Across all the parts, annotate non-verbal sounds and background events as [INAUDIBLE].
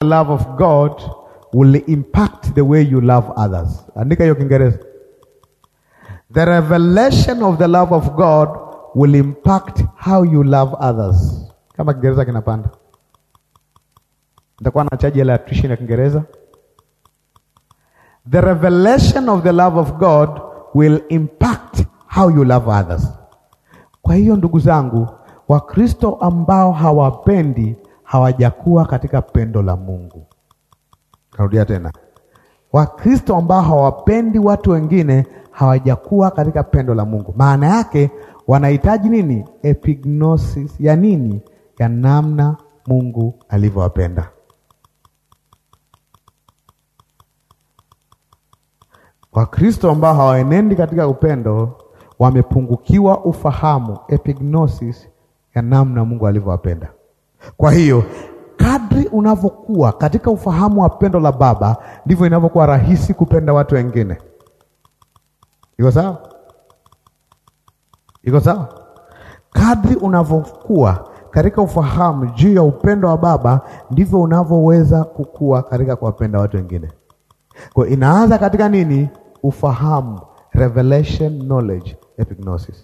love of God will impact the way you love others. Andika hiyo Kiingereza. The revelation of the love of God will impact how you love others. Kama Kiingereza kinapanda. Nitakuwa na chaji ya tuition ya Kiingereza. The revelation of the love of God will impact how you love others. Kwa hiyo ndugu zangu, Wakristo ambao hawapendi hawajakuwa katika pendo la Mungu. Narudia tena, Wakristo ambao hawapendi watu wengine hawajakuwa katika pendo la Mungu. Maana yake wanahitaji nini? Epignosis ya nini? Ya namna Mungu alivyowapenda. Wakristo ambao hawaenendi katika upendo wamepungukiwa ufahamu, epignosis ya namna Mungu alivyowapenda. Kwa hiyo kadri unavyokuwa katika ufahamu wa pendo la Baba ndivyo inavyokuwa rahisi kupenda watu wengine. Iko sawa? Iko sawa? Kadri unavyokuwa katika ufahamu juu ya upendo wa Baba ndivyo unavyoweza kukua katika kuwapenda watu wengine. Kwa inaanza katika nini? Ufahamu, revelation knowledge, epignosis,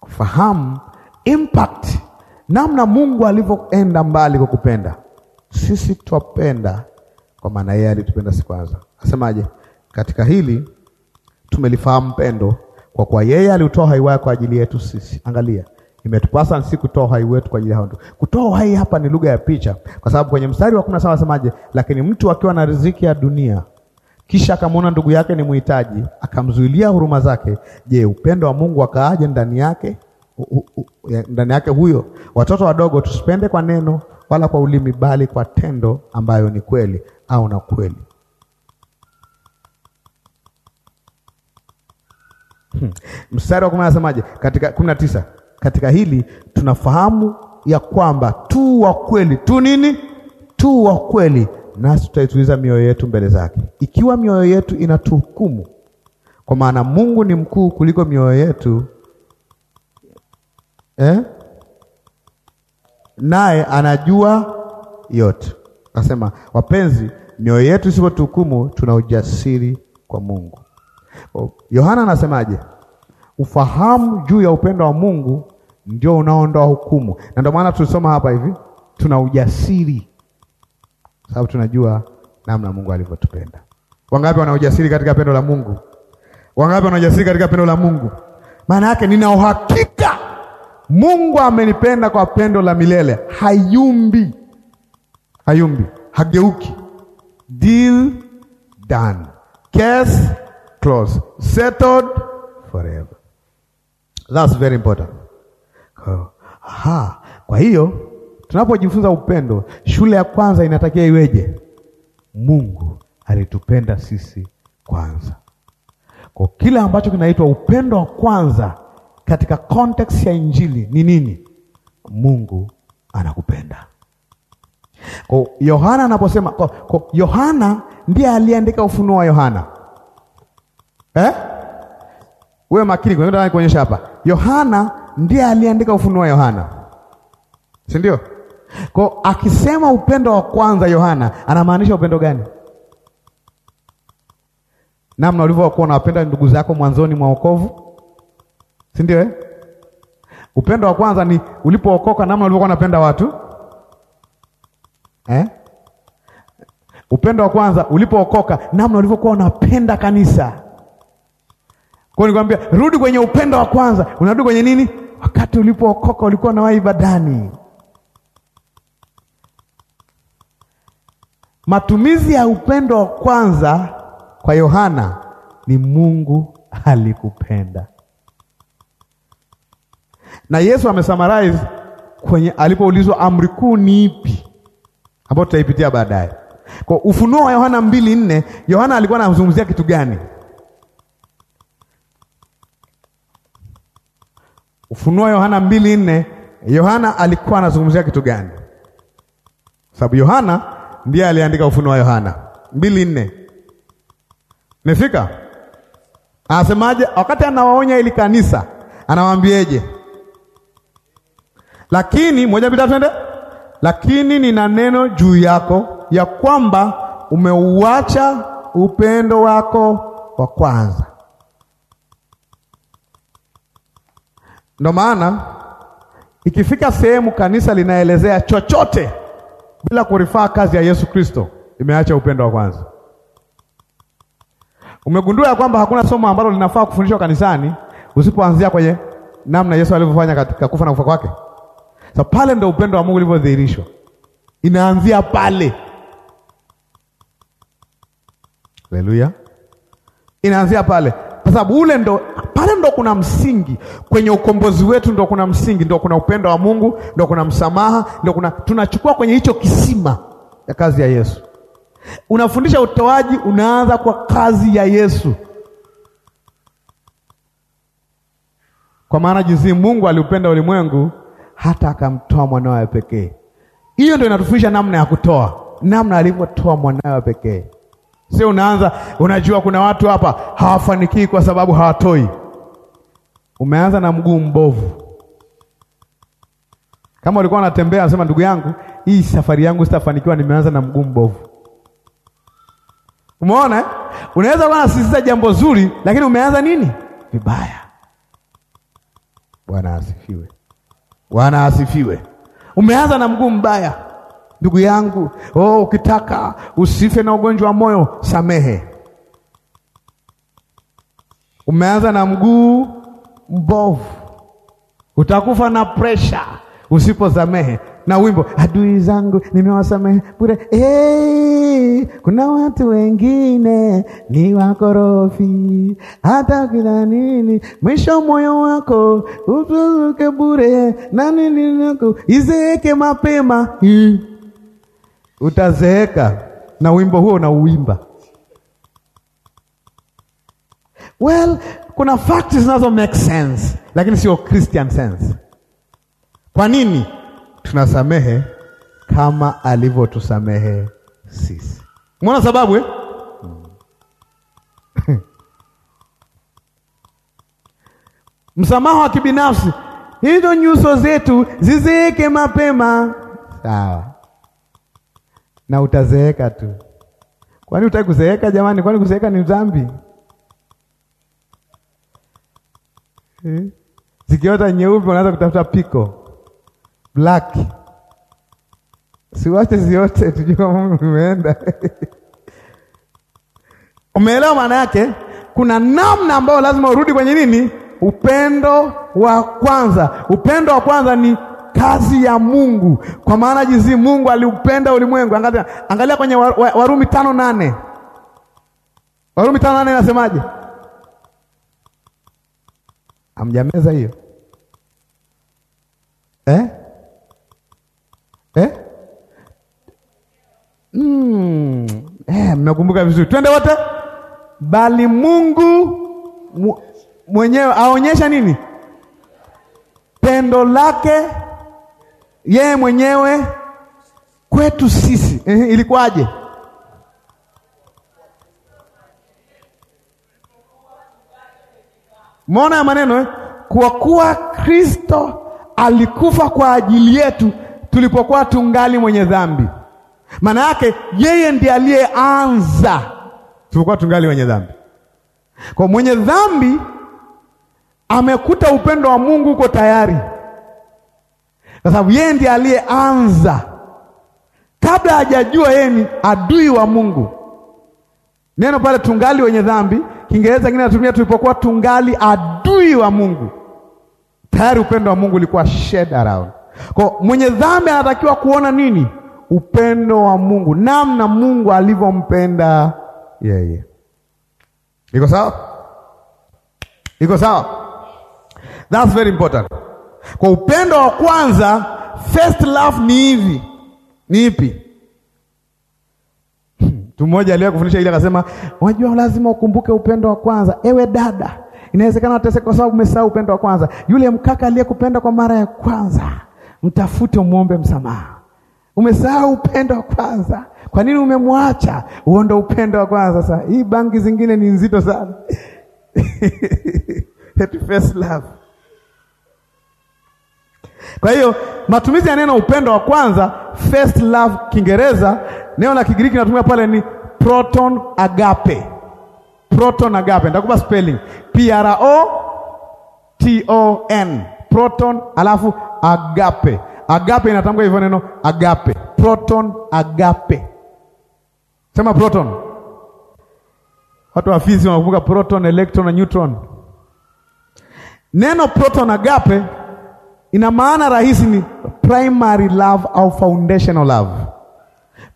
kufahamu impact namna Mungu alivyoenda mbali kwa kupenda sisi. Twapenda kwa maana yeye alitupenda si kwanza. Asemaje? Katika hili tumelifahamu pendo kwa kuwa yeye aliutoa uhai wake kwa ajili yetu sisi. Angalia, imetupasa sisi kutoa uhai wetu kwa ajili ya watu. Kutoa uhai hapa ni lugha ya picha, kwa sababu kwenye mstari wa kumi na saba asemaje? Lakini mtu akiwa na riziki ya dunia kisha akamwona ndugu yake ni mhitaji, akamzuilia huruma zake, je, upendo wa Mungu akaaje ndani yake? ndani yake huyo. Watoto wadogo tusipende kwa neno wala kwa ulimi, bali kwa tendo ambayo ni kweli au na kweli. Hmm. Mstari wa kumi anasemaje? Katika kumi na tisa, katika hili tunafahamu ya kwamba tu wa kweli tu nini, tu wa kweli, nasi tutaituliza mioyo yetu mbele zake, ikiwa mioyo yetu inatuhukumu, kwa maana Mungu ni mkuu kuliko mioyo yetu eh? naye anajua yote. Akasema, wapenzi, mioyo yetu isipotuhukumu, tuna ujasiri kwa Mungu. Yohana anasemaje? Ufahamu juu ya upendo wa Mungu ndio unaoondoa hukumu, na ndio maana tulisoma hapa hivi, tuna ujasiri sababu tunajua namna Mungu alivyotupenda. Wangapi wana ujasiri katika pendo la Mungu? Wangapi wana ujasiri katika pendo la Mungu? Maana yake nina uhakika Mungu amenipenda kwa pendo la milele, hayumbi, hayumbi, hageuki. Deal done, case closed, settled forever. That's very important. Aha. Kwa hiyo tunapojifunza upendo, shule ya kwanza inatakiwa iweje? Mungu alitupenda sisi kwanza. Kwa kile ambacho kinaitwa upendo wa kwanza katika context ya injili ni nini? Mungu anakupenda. Kwa Yohana anaposema, kwa Yohana ndiye aliandika ufunuo wa Yohana eh? Wewe makini kuonyesha hapa, Yohana ndiye aliandika ufunuo wa Yohana, si ndio? Kwa akisema upendo wa kwanza Yohana anamaanisha upendo gani? Namna ulivyokuwa unawapenda ndugu zako mwanzoni mwa wokovu si ndio eh? Upendo wa kwanza ni ulipookoka, namna ulivyokuwa unapenda watu eh? Upendo wa kwanza ulipookoka, namna ulivyokuwa unapenda kanisa. Kwa nikwambia, rudi kwenye upendo wa kwanza. Unarudi kwenye nini? Wakati ulipookoka ulikuwa na ibadani. Matumizi ya upendo wa kwanza kwa Yohana ni Mungu alikupenda na Yesu amesummarize kwenye alipoulizwa amri kuu ni ipi, ambayo tutaipitia baadaye. Kwa ufunuo wa Yohana mbili nne, Yohana alikuwa anazungumzia kitu gani? Ufunuo wa Yohana mbili nne, Yohana alikuwa anazungumzia kitu gani? Sababu Yohana ndiye aliandika ufunuo wa Yohana mbili nne. Mefika, anasemaje wakati anawaonya ili kanisa, anawaambieje? Lakini moja bila twende, lakini nina neno juu yako ya kwamba umeuacha upendo wako wa kwanza. Ndio maana ikifika sehemu kanisa linaelezea chochote bila kurifaa kazi ya Yesu Kristo, imeacha upendo wa kwanza. Umegundua ya kwamba hakuna somo ambalo linafaa kufundishwa kanisani usipoanzia kwenye namna Yesu alivyofanya katika kufa na kufa kwake. So pale ndo upendo wa Mungu ulivyodhihirishwa, inaanzia pale. Haleluya, inaanzia pale, kwa sababu ule ndo pale ndo kuna msingi kwenye ukombozi wetu, ndo kuna msingi, ndo kuna upendo wa Mungu, ndo kuna msamaha, ndo kuna tunachukua kwenye hicho kisima ya kazi ya Yesu. Unafundisha utoaji, unaanza kwa kazi ya Yesu, kwa maana jinsi Mungu aliupenda ulimwengu hata akamtoa mwanawe pekee. Hiyo ndio inatufundisha namna ya kutoa, namna alivyotoa mwanawe pekee. Sio unaanza, unajua kuna watu hapa hawafanikii kwa sababu hawatoi. Umeanza na mguu mbovu. Kama ulikuwa unatembea, anasema ndugu yangu, hii safari yangu sitafanikiwa, nimeanza na mguu mbovu. Umeona, eh? unaweza kuwa unasisitiza jambo zuri, lakini umeanza nini vibaya. Bwana asifiwe. Bwana asifiwe. Umeanza na mguu mbaya, ndugu yangu. Oh, ukitaka usife na ugonjwa wa moyo, samehe. Umeanza na mguu mbovu, utakufa na presha samehe na wimbo adui zangu nimewasamehe bure. Hey, kuna watu wengine ni wakorofi, hata kila nini, mwisho moyo wako utuzuke bure na nini yako izeeke mapema. Hi, hmm. utazeeka na wimbo huo unauimba. Well, kuna fakti zinazo make sense, lakini sio Christian sense. Kwa nini? tunasamehe kama alivyotusamehe sisi. Umeona sababu eh? msamaha wa kibinafsi, hizo nyuso zetu zizeeke mapema. Sawa, na utazeeka tu. Kwani utaki kuzeeka jamani? Kwani kuzeeka ni dhambi eh? Zikiota nyeupe, unaweza kutafuta piko black, siwache ziote, tujua Mungu umeenda. Umeelewa maana yake? Kuna namna ambayo lazima urudi kwenye nini? Upendo wa kwanza. Upendo wa kwanza ni kazi ya Mungu, kwa maana jinsi Mungu aliupenda ulimwengu. Angalia, angalia kwenye Warumi tano nane Warumi tano nane inasemaje? Amjameza hiyo eh? eh? Mm. Eh, vizuri. Twende wote. Bali Mungu mwenyewe aonyesha nini? Pendo lake yeye mwenyewe kwetu sisi. Eh, ilikuwaje? Mona ya maneno eh? Kwa kuwa Kristo alikufa kwa ajili yetu tulipokuwa tungali mwenye dhambi. Maana yake yeye ndiye aliyeanza tulipokuwa tungali wenye dhambi. Kwa mwenye dhambi amekuta upendo wa Mungu uko tayari, kwa sababu yeye ndiye aliyeanza. Kabla hajajua yeye ni adui wa Mungu. Neno pale tungali wenye dhambi, Kiingereza kingine natumia tulipokuwa tungali adui wa Mungu. Tayari upendo wa Mungu ulikuwa shed around kwa mwenye dhambi anatakiwa kuona nini? Upendo wa Mungu, namna Mungu alivyompenda yeye. Iko sawa? Iko sawa? That's very important. Kwa upendo wa kwanza, first love ni hivi, ni ipi? Hmm, mtu mmoja aliwahi kufundisha ile akasema, unajua lazima ukumbuke upendo wa kwanza. Ewe dada, inawezekana wateseka kwa sababu umesahau upendo wa kwanza. Yule mkaka aliyekupenda kwa mara ya kwanza mtafute, umwombe msamaha. Umesahau upendo wa kwanza. Kwa nini umemwacha? Huo ndo upendo wa kwanza. Sasa hii bangi zingine ni nzito sana [LAUGHS] first love. Kwa hiyo matumizi ya neno upendo wa kwanza first love, Kiingereza neno la Kigiriki natumia pale ni proton agape. Proton agape, nitakupa spelling P R O T O N, proton alafu agape. Agape inatamka hivyo neno agape, proton agape. Sema proton. Watu wa fizi wanakumbuka proton, electron na neutron. Neno proton agape ina maana rahisi, ni primary love au foundational love.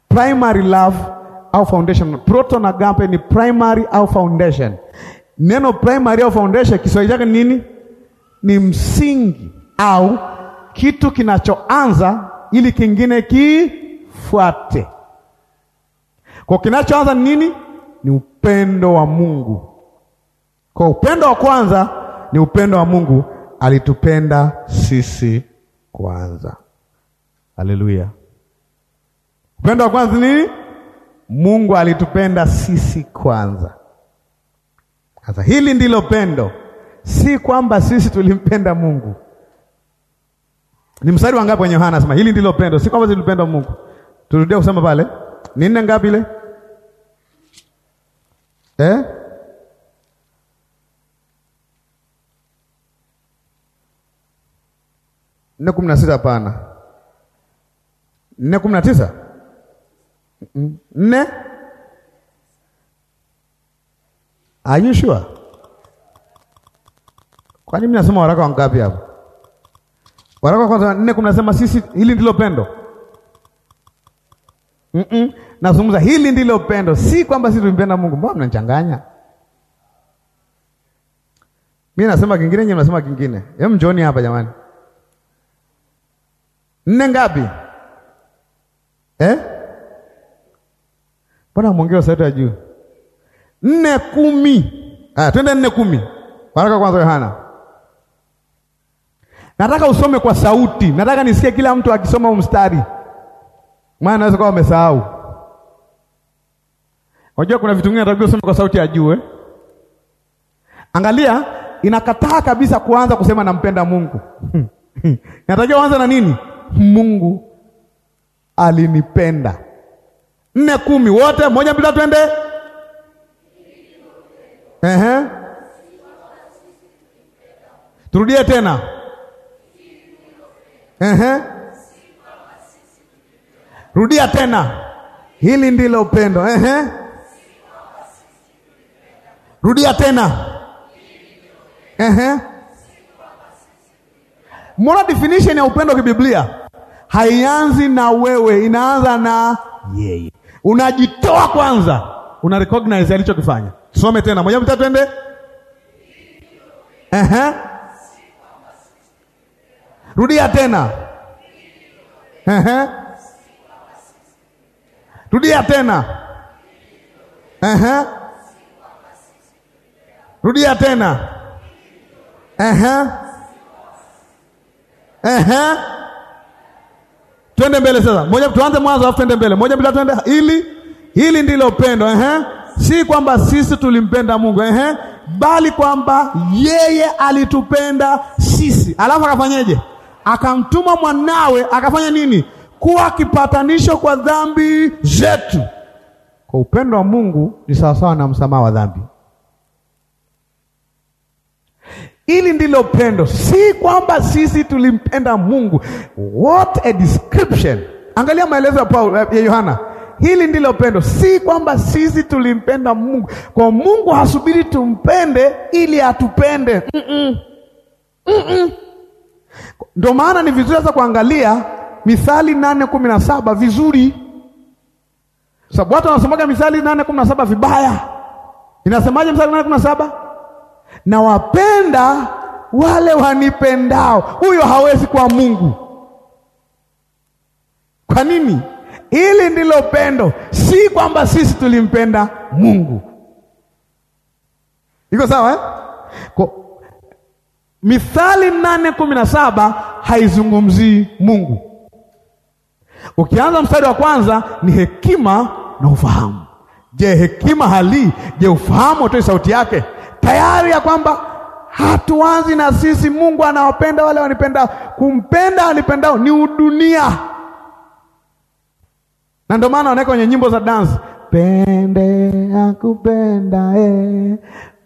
Primary love au foundation. Proton agape ni primary au foundation. Neno primary au foundation Kiswahili chake nini? Ni msingi au kitu kinachoanza ili kingine kifuate. Kwa kinachoanza ni nini? Ni upendo wa Mungu. Kwa upendo wa kwanza ni upendo wa Mungu, alitupenda sisi kwanza. Haleluya! Upendo wa kwanza nini? Mungu alitupenda sisi kwanza. Sasa hili ndilo pendo, si kwamba sisi tulimpenda Mungu ni mstari wa ngapi kwenye Yohana anasema hili ndilo pendo, si kwamba zilipenda Mungu. Turudia kusema pale. Ni nne ngapi ile? Eh? Nne kumi na sita hapana. Nne kumi na tisa? Nne? Are you sure? Kwani mnasoma waraka wangapi hapo? Waraka wa kwanza nne kumi nasema sisi, hili ndilo pendo mm -mm. Nazungumza hili ndilo pendo, si kwamba sisi tumpenda Mungu. Mbona mnachanganya? mi nasema kingine, nyinyi mnasema kingine. Hem, njoni hapa jamani. Nne ngapi? Eh? Mbona mwongeo sauti ya juu? Nne kumi. Ah, twende nne kumi. Waraka kwanza Yohana Nataka usome kwa sauti, nataka nisikie kila mtu akisoma mstari, maana naweza kuwa umesahau. Unajua kuna vitu vingine natakiwa usome kwa sauti ajue. Angalia, inakataa kabisa kuanza kusema nampenda Mungu [LAUGHS] natakiwa uanze na nini? Mungu alinipenda. nne kumi, wote moja mbili twende. Ehe, turudie tena Ehe. Rudia tena, hili ndilo upendo. Ehe. Rudia tena. Ehe. Mbona definition ya upendo kibiblia haianzi na wewe, inaanza na yeye. Unajitoa kwanza, una recognize alichokifanya. Tusome tena moja mitatu, ende. Ehe. Rudia tena, ehe, rudia tena, ehe, rudia tena, ehe, ehe. Twende mbele sasa, moja, tuanze mwanzo afu twende mbele, moja bila, twende ili hili ndilo pendo, ehe, si kwamba sisi tulimpenda Mungu, ehe, bali kwamba yeye alitupenda sisi, alafu akafanyeje? akamtuma mwanawe akafanya nini? Kuwa kipatanisho kwa dhambi zetu. Kwa upendo wa Mungu ni sawasawa na msamaha wa dhambi. Hili ndilo pendo, si kwamba sisi tulimpenda Mungu. What a description! Angalia maelezo ya Paul eh, ya Yohana. Hili ndilo pendo, si kwamba sisi tulimpenda Mungu. Kwa Mungu hasubiri tumpende ili atupende. Mm -mm. Mm -mm. Ndio maana ni vizuri sasa kuangalia Mithali nane kumi na saba vizuri, sababu watu wanasomaga Mithali nane kumi na saba vibaya. Inasemaje Mithali nane kumi na saba? Nawapenda wale wanipendao. Huyo hawezi kuwa Mungu. Kwa nini? Hili ndilo pendo, si kwamba sisi tulimpenda Mungu. Iko sawa eh? Kwa Mithali nane kumi na saba haizungumzii Mungu. Ukianza mstari wa kwanza ni hekima na ufahamu. Je, hekima hali? Je, ufahamu atoi sauti yake? Tayari ya kwamba hatuanzi na sisi. Mungu anawapenda wale wanipenda kumpenda anipendao ni udunia, na ndio maana wanaweka kwenye nyimbo za dansi, pende akupendae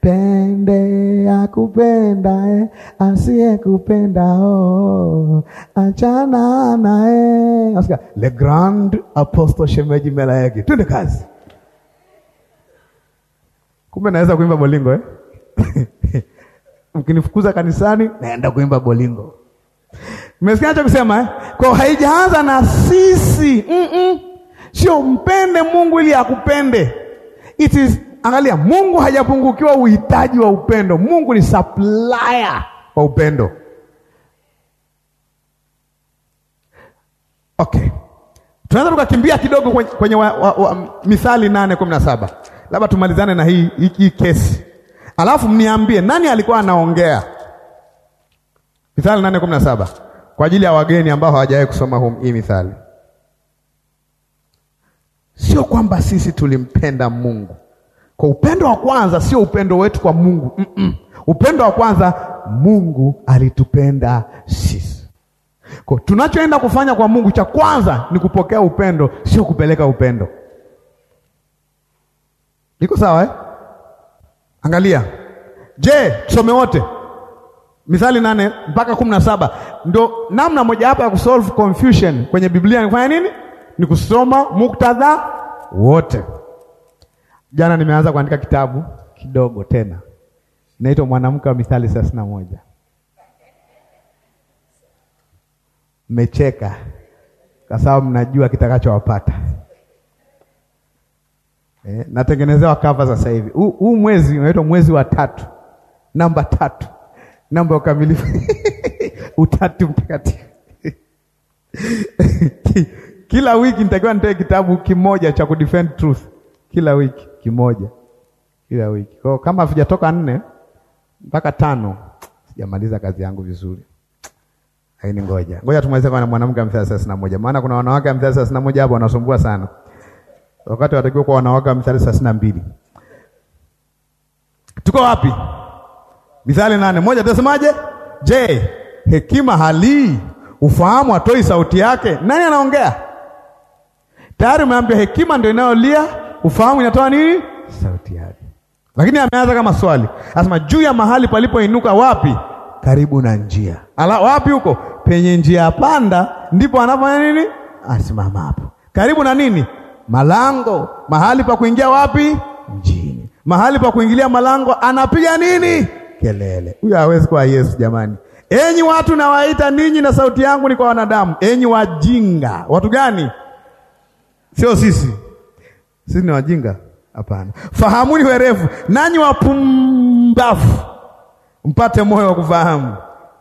pende akupendae eh. o oh. achana nae eh. Nasikia le grand apostle shemeji mela yake, twende kazi. Kumbe naweza kuimba bolingo eh? [LAUGHS] Mkinifukuza kanisani naenda kuimba bolingo. mesikia cha kusema eh? Kwa haijaanza na sisi mm -mm. Sio mpende Mungu ili akupende. It is angalia, Mungu hajapungukiwa uhitaji wa upendo. Mungu ni supplier wa upendo. Okay, tunaweza tukakimbia kidogo kwenye, kwenye wa, wa, wa, Mithali nane kumi na saba labda tumalizane na hii, hii, hii kesi alafu mniambie nani alikuwa anaongea. Mithali nane kumi na saba kwa ajili ya wageni ambao hawajawahi kusoma hum, hii Mithali. Sio kwamba sisi tulimpenda Mungu kwa upendo wa kwanza sio upendo wetu kwa Mungu. Mm -mm. Upendo wa kwanza Mungu alitupenda sisi. Kwa tunachoenda kufanya kwa Mungu cha kwanza ni kupokea upendo, sio kupeleka upendo. Iko sawa eh? Angalia. Je, tusome wote Mithali nane mpaka kumi na saba. Ndo namna moja hapa ya kusolve confusion kwenye Biblia ni kufanya nini? Ni kusoma muktadha wote. Jana nimeanza kuandika kitabu kidogo tena, inaitwa Mwanamke wa Mithali thelathini na moja. Mmecheka kwa sababu mnajua kitakachowapata. Eh, natengenezewa kava sasa hivi. Huu mwezi unaitwa mwezi wa tatu, namba tatu, namba ya ukamilifu [LAUGHS] utatu mtakatifu [LAUGHS] kila wiki nitakiwa nitoe kitabu kimoja cha kudefend truth kila wiki kimoja kila wiki. Kwa kama sijatoka nne mpaka tano sijamaliza kazi yangu vizuri. Lakini ngoja. Ngoja tumalize kwa mwanamke Amthali thelathini na moja. Maana kuna wanawake Amthali thelathini na moja hapo wanasumbua sana. Wakati watakiwa kwa wanawake Amthali thelathini na mbili. Tuko wapi? Mithali nane moja tunasemaje? Je, hekima halii ufahamu atoi sauti yake? Nani anaongea? Tayari umeambia hekima ndio inayolia ufahamu inatoa nini sauti yake. Lakini ameanza kama swali, asema juu ya mahali palipoinuka wapi? Karibu na njia. Ala, wapi huko? Penye njia panda, ndipo anafanya nini? Asimama hapo karibu na nini? Malango. Mahali pa kuingia wapi? Mjini. Mahali pa kuingilia malango, anapiga nini? Kelele. Huyo hawezi kuwa Yesu jamani. Enyi watu nawaita ninyi, na sauti yangu ni kwa wanadamu. Enyi wajinga. Watu gani? Sio sisi. Sisi ni wajinga? Hapana. Fahamuni werevu, nanyi wapumbavu mpate moyo wa kufahamu.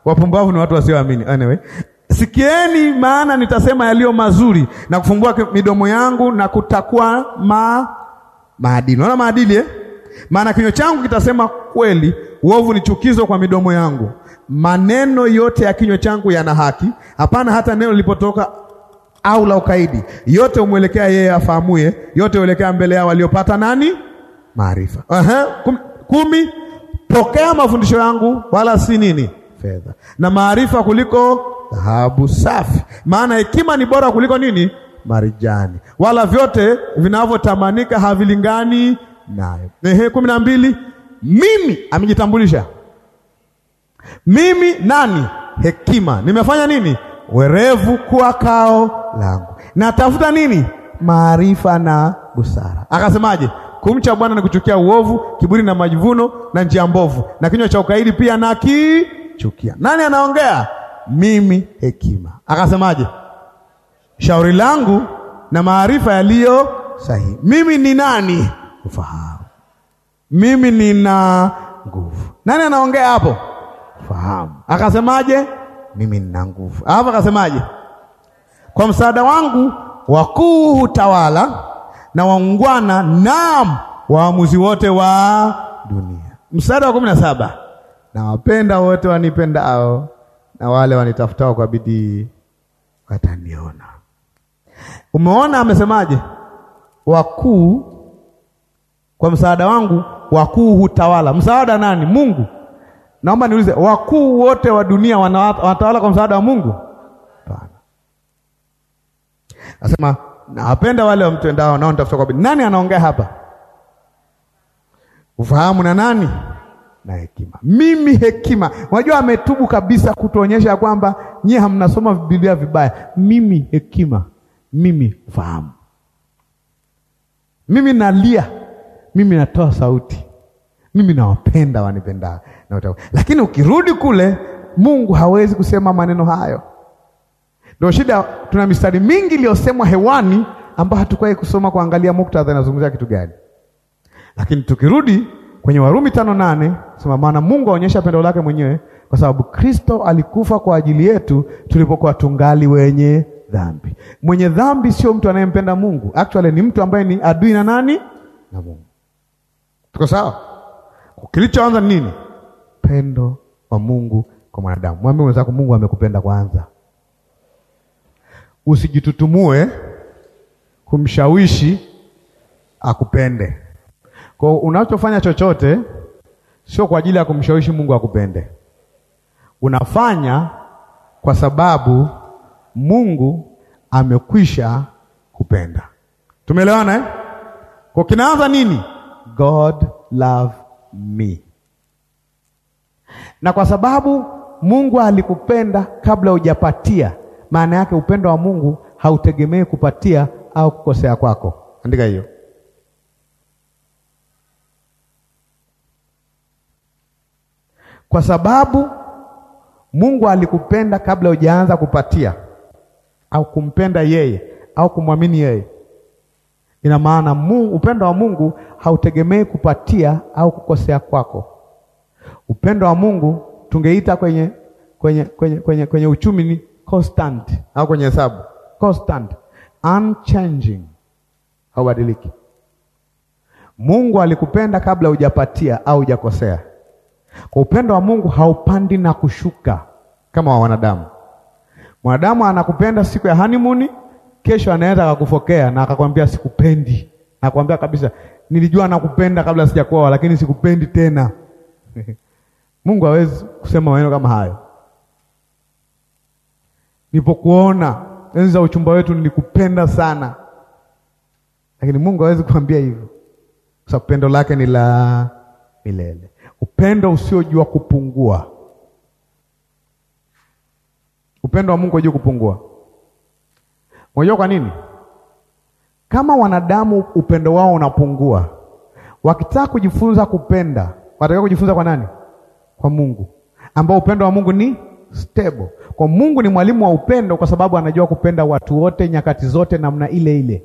Wapumbavu ni watu wasioamini. Anyway, sikieni, maana nitasema yaliyo mazuri na kufungua midomo yangu na kutakuwa ma maadili. Naona maadili eh? Maana kinywa changu kitasema kweli, uovu ni chukizo kwa midomo yangu. Maneno yote ya kinywa changu yana haki, hapana hata neno lilipotoka au la ukaidi, yote umwelekea yeye afahamuye, yote uelekea mbele yao waliopata nani maarifa. Aha, kumi, pokea mafundisho yangu wala si nini fedha na maarifa kuliko dhahabu safi, maana hekima ni bora kuliko nini marijani, wala vyote vinavyotamanika havilingani nayo. Ehe, kumi na mbili, mimi amejitambulisha, mimi nani? Hekima, nimefanya nini? werevu kuwa kao langu. Natafuta nini? Maarifa na busara. Akasemaje? Kumcha Bwana ni kuchukia uovu, kiburi na majivuno, na njia mbovu, na kinywa cha ukaidi pia nakichukia. Nani anaongea? Mimi hekima. Akasemaje? Shauri langu na maarifa yaliyo sahihi. Mimi ni nani? Ufahamu. Mimi nina nguvu. Nani anaongea hapo? Fahamu. Akasemaje? mimi nina nguvu. Hapo akasemaje? Kwa msaada wangu wakuu hutawala na waungwana, naam waamuzi wote wa dunia. msaada wa kumi na saba nawapenda wote wanipendao na wale wanitafutao kwa bidii wataniona. Umeona amesemaje? Wakuu, kwa msaada wangu wakuu hutawala. Msaada nani? Mungu. Naomba niulize, wakuu wote wa dunia wanatawala kwa msaada wa Mungu? Hapana. Nasema nawapenda wale wamtendao nao nitafuta kwa bidii. Nani anaongea hapa? Ufahamu na nani na hekima. Mimi hekima, unajua ametubu kabisa kutuonyesha kwamba nyie hamnasoma Biblia vibaya. Mimi hekima, mimi ufahamu, mimi nalia, mimi natoa sauti mimi nawapenda wanipenda na utaku. Lakini ukirudi kule, Mungu hawezi kusema maneno hayo. Ndio shida, tuna mistari mingi iliyosemwa hewani ambayo hatukuwahi kusoma kuangalia muktadha inazungumzia kitu gani. Lakini tukirudi kwenye Warumi tano nane sema, maana Mungu aonyesha pendo lake mwenyewe kwa sababu Kristo alikufa kwa ajili yetu tulipokuwa tungali wenye dhambi. Mwenye dhambi sio mtu anayempenda Mungu, actually ni mtu ambaye ni adui na nani na Mungu. Tuko sawa? Kilichoanza nini? Pendo wa Mungu kwa mwanadamu. Mwambie mwenzako, Mungu amekupenda kwanza. Usijitutumue kumshawishi akupende. Kwa unachofanya chochote sio kwa ajili ya kumshawishi Mungu akupende. Unafanya kwa sababu Mungu amekwisha kupenda. Tumeelewana eh? Kwa kinaanza nini? God love me. Na kwa sababu Mungu alikupenda kabla hujapatia, maana yake upendo wa Mungu hautegemei kupatia au kukosea kwako. Andika hiyo. Kwa sababu Mungu alikupenda kabla hujaanza kupatia au kumpenda yeye au kumwamini yeye, Ina maana Mungu, upendo wa Mungu hautegemei kupatia au kukosea kwako. Upendo wa Mungu tungeita kwenye, kwenye, kwenye, kwenye, kwenye uchumi ni constant au kwenye hesabu constant, unchanging, haubadiliki. Mungu alikupenda kabla hujapatia au hujakosea. Kwa upendo wa Mungu haupandi na kushuka kama wa wanadamu. Mwanadamu anakupenda siku ya honeymoon kesho anaenda akakufokea na akakwambia sikupendi, nakwambia kabisa, nilijua nakupenda kabla sijakuoa, lakini sikupendi tena. [LAUGHS] Mungu hawezi kusema maneno kama hayo. Nilipokuona enzi za uchumba wetu nilikupenda sana, lakini Mungu hawezi kuambia hivyo, kwa sababu pendo lake ni la milele, upendo usiojua kupungua. Upendo wa Mungu hujui kupungua. Unajua kwa nini? Kama wanadamu upendo wao unapungua, wakitaka kujifunza kupenda, wanatakiwa kujifunza kwa nani? Kwa Mungu, ambao upendo wa Mungu ni stable. Kwa Mungu ni mwalimu wa upendo, kwa sababu anajua kupenda watu wote, nyakati zote, namna ile ile.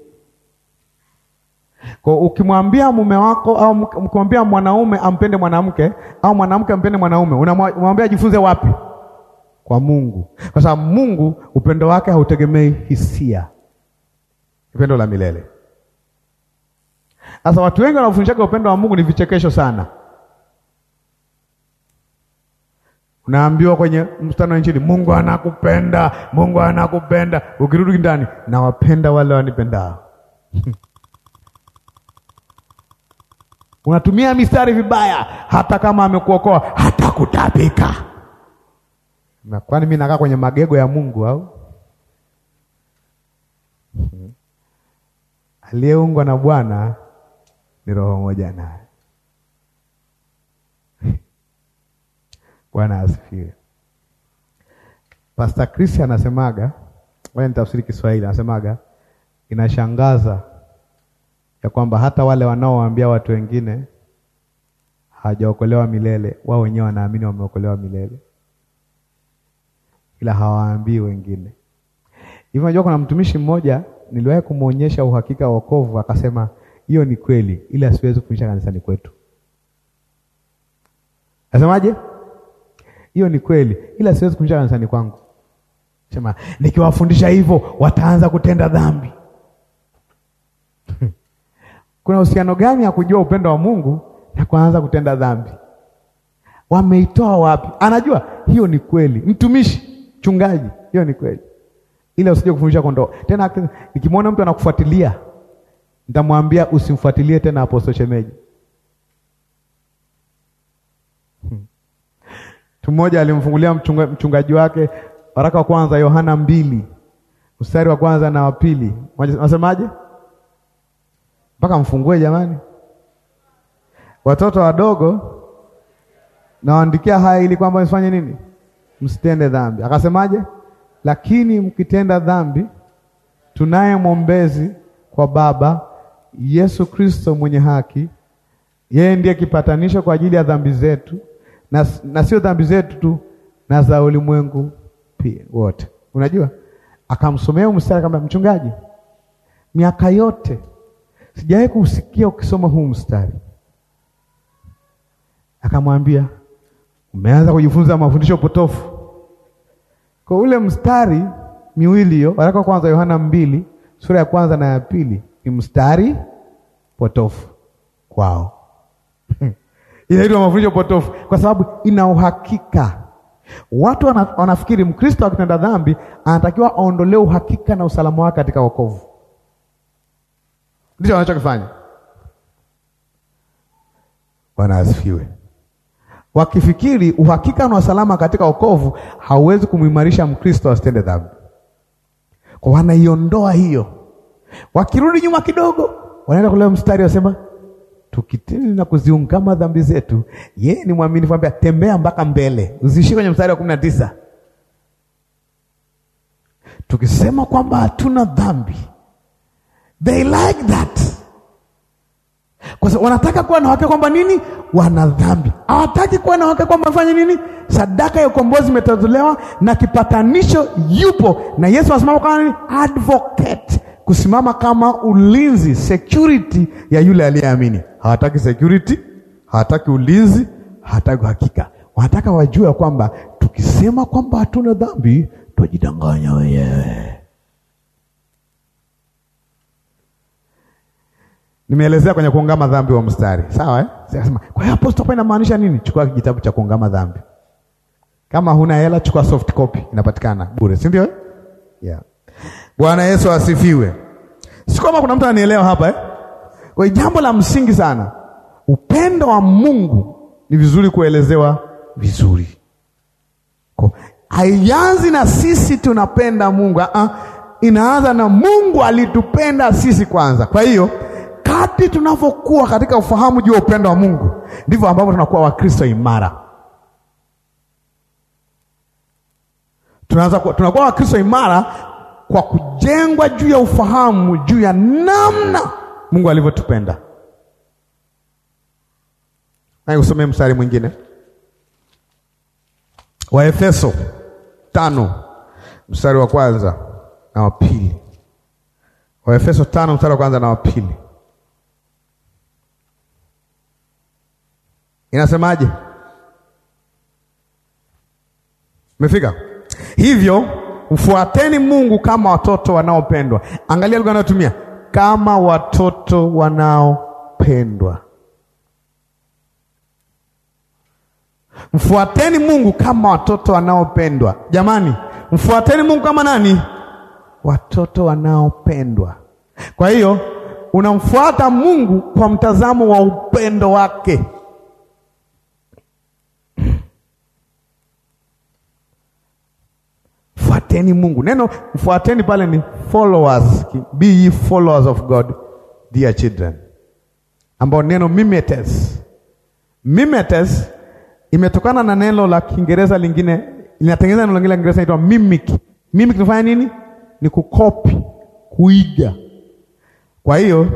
Kwa ukimwambia mume wako au ukimwambia mwanaume ampende mwanamke au mwanamke ampende mwanaume, unamwambia ajifunze wapi? kwa Mungu, kwa sababu Mungu upendo wake hautegemei hisia, upendo la milele. Sasa watu wengi wanaofundishaga upendo wa Mungu ni vichekesho sana. Unaambiwa kwenye mstari wa Injili, Mungu anakupenda, Mungu anakupenda. Ukirudi ndani, nawapenda wale wanipendao [LAUGHS] unatumia mistari vibaya. Hata kama amekuokoa, hata na kwani mimi nakaa kwenye magego ya Mungu au? Aliyeungwa na Bwana ni roho moja naye. [LAUGHS] Bwana asifiwe. Pastor Chris anasemaga, wewe nitafsiri Kiswahili, anasemaga inashangaza ya kwamba hata wale wanaowaambia watu wengine hawajaokolewa milele, wao wenyewe wanaamini wameokolewa milele ila hawaambii wengine. Hivi unajua kuna mtumishi mmoja niliwahi kumwonyesha uhakika wa wokovu, akasema hiyo ni kweli, ila siwezi kufundisha kanisani kwetu. Nasemaje? Hiyo ni kweli, ila siwezi kufundisha kanisani kwangu. Sema nikiwafundisha hivyo wataanza kutenda dhambi. [LAUGHS] Kuna uhusiano gani ya kujua upendo wa Mungu na kuanza kutenda dhambi? Wameitoa wapi? Anajua hiyo ni kweli, mtumishi chungaji hiyo ni kweli, ila usije kufundisha kondoo tena. Nikimwona mtu anakufuatilia nitamwambia usimfuatilie tena Apostle Shemeji. Hmm. Mtu mmoja alimfungulia mchunga, mchungaji wake waraka wa kwanza Yohana mbili mstari wa kwanza na wa pili. Nasemaje? mpaka mfungue jamani, watoto wadogo nawaandikia haya ili kwamba msifanye nini? msitende dhambi. Akasemaje? Lakini mkitenda dhambi, tunaye mwombezi kwa Baba, Yesu Kristo mwenye haki. Yeye ndiye kipatanisho kwa ajili ya dhambi zetu, na, na sio dhambi zetu tu, na za ulimwengu pia wote. Unajua, akamsomea mstari kama mchungaji, miaka yote sijawahi kusikia ukisoma huu mstari. Akamwambia umeanza kujifunza mafundisho potofu. Kwa ule mstari miwili hiyo, waraka kwanza Yohana mbili sura ya kwanza na ya pili ni mstari potofu kwao. [LAUGHS] Inaitwa mafundisho potofu kwa sababu ina uhakika. Watu wanafikiri Mkristo akitenda dhambi anatakiwa aondolee uhakika na usalama wake katika wokovu. Ndicho wanachokifanya. Bwana asifiwe wakifikiri uhakika na wasalama katika wokovu hauwezi kumwimarisha Mkristo asitende dhambi. Kwa wanaiondoa hiyo, wakirudi nyuma kidogo, wanaenda kulea mstari, wasema tukitini na kuziungama dhambi zetu, yeye ni mwaminifu, ambia tembea mpaka mbele, uziishie kwenye mstari wa kumi na tisa. Tukisema kwamba hatuna dhambi, they like that kwa sababu wanataka kuwa na uhakika kwamba nini, wana dhambi. Hawataki kuwa na uhakika kwamba wafanye nini, sadaka ya ukombozi imetatolewa na kipatanisho yupo, na Yesu anasimama kama nini, advocate, kusimama kama ulinzi, security ya yule aliyeamini. Hawataki security, hawataki ulinzi, hawataki uhakika. Wanataka wajue kwamba tukisema kwamba hatuna dhambi twajidanganya wenyewe. Nimeelezea kwenye kuungama dhambi wa mstari, sawa eh? Sema kwa hiyo apostle hapa inamaanisha nini? Chukua kitabu cha kuungama dhambi. Kama huna hela, chukua soft copy, inapatikana bure, si ndio? Eh? Yeah. Bwana Yesu asifiwe. Si kama kuna mtu anielewa hapa eh? Kwa jambo la msingi sana, upendo wa Mungu ni vizuri kuelezewa vizuri. Kwa haianzi na sisi tunapenda Mungu, ah, ah. inaanza na Mungu alitupenda sisi kwanza. Kwa hiyo Kadri tunavyokuwa katika ufahamu juu ya upendo wa Mungu, ndivyo ambavyo tunakuwa Wakristo imara. Tunaanza tunakuwa Wakristo imara kwa kujengwa juu ya ufahamu juu ya namna Mungu alivyotupenda. Na usome mstari mwingine wa Efeso tano mstari wa kwanza na wa pili. Waefeso tano mstari wa kwanza na wa pili. Inasemaje? Mefika Hivyo mfuateni Mungu kama watoto wanaopendwa. Angalia lugha anayotumia, kama watoto wanaopendwa. Mfuateni Mungu kama watoto wanaopendwa. Jamani, mfuateni Mungu kama nani? Watoto wanaopendwa. Kwa hiyo unamfuata Mungu kwa mtazamo wa upendo wake. mfuateni Mungu. Neno mfuateni pale ni followers, be ye followers of God dear children, ambao neno mimetes, mimetes imetokana na neno la Kiingereza lingine, linatengeneza neno lingine la Kiingereza inaitwa mimic. Mimic inafanya nini? Ni kukopi, kuiga. Kwa hiyo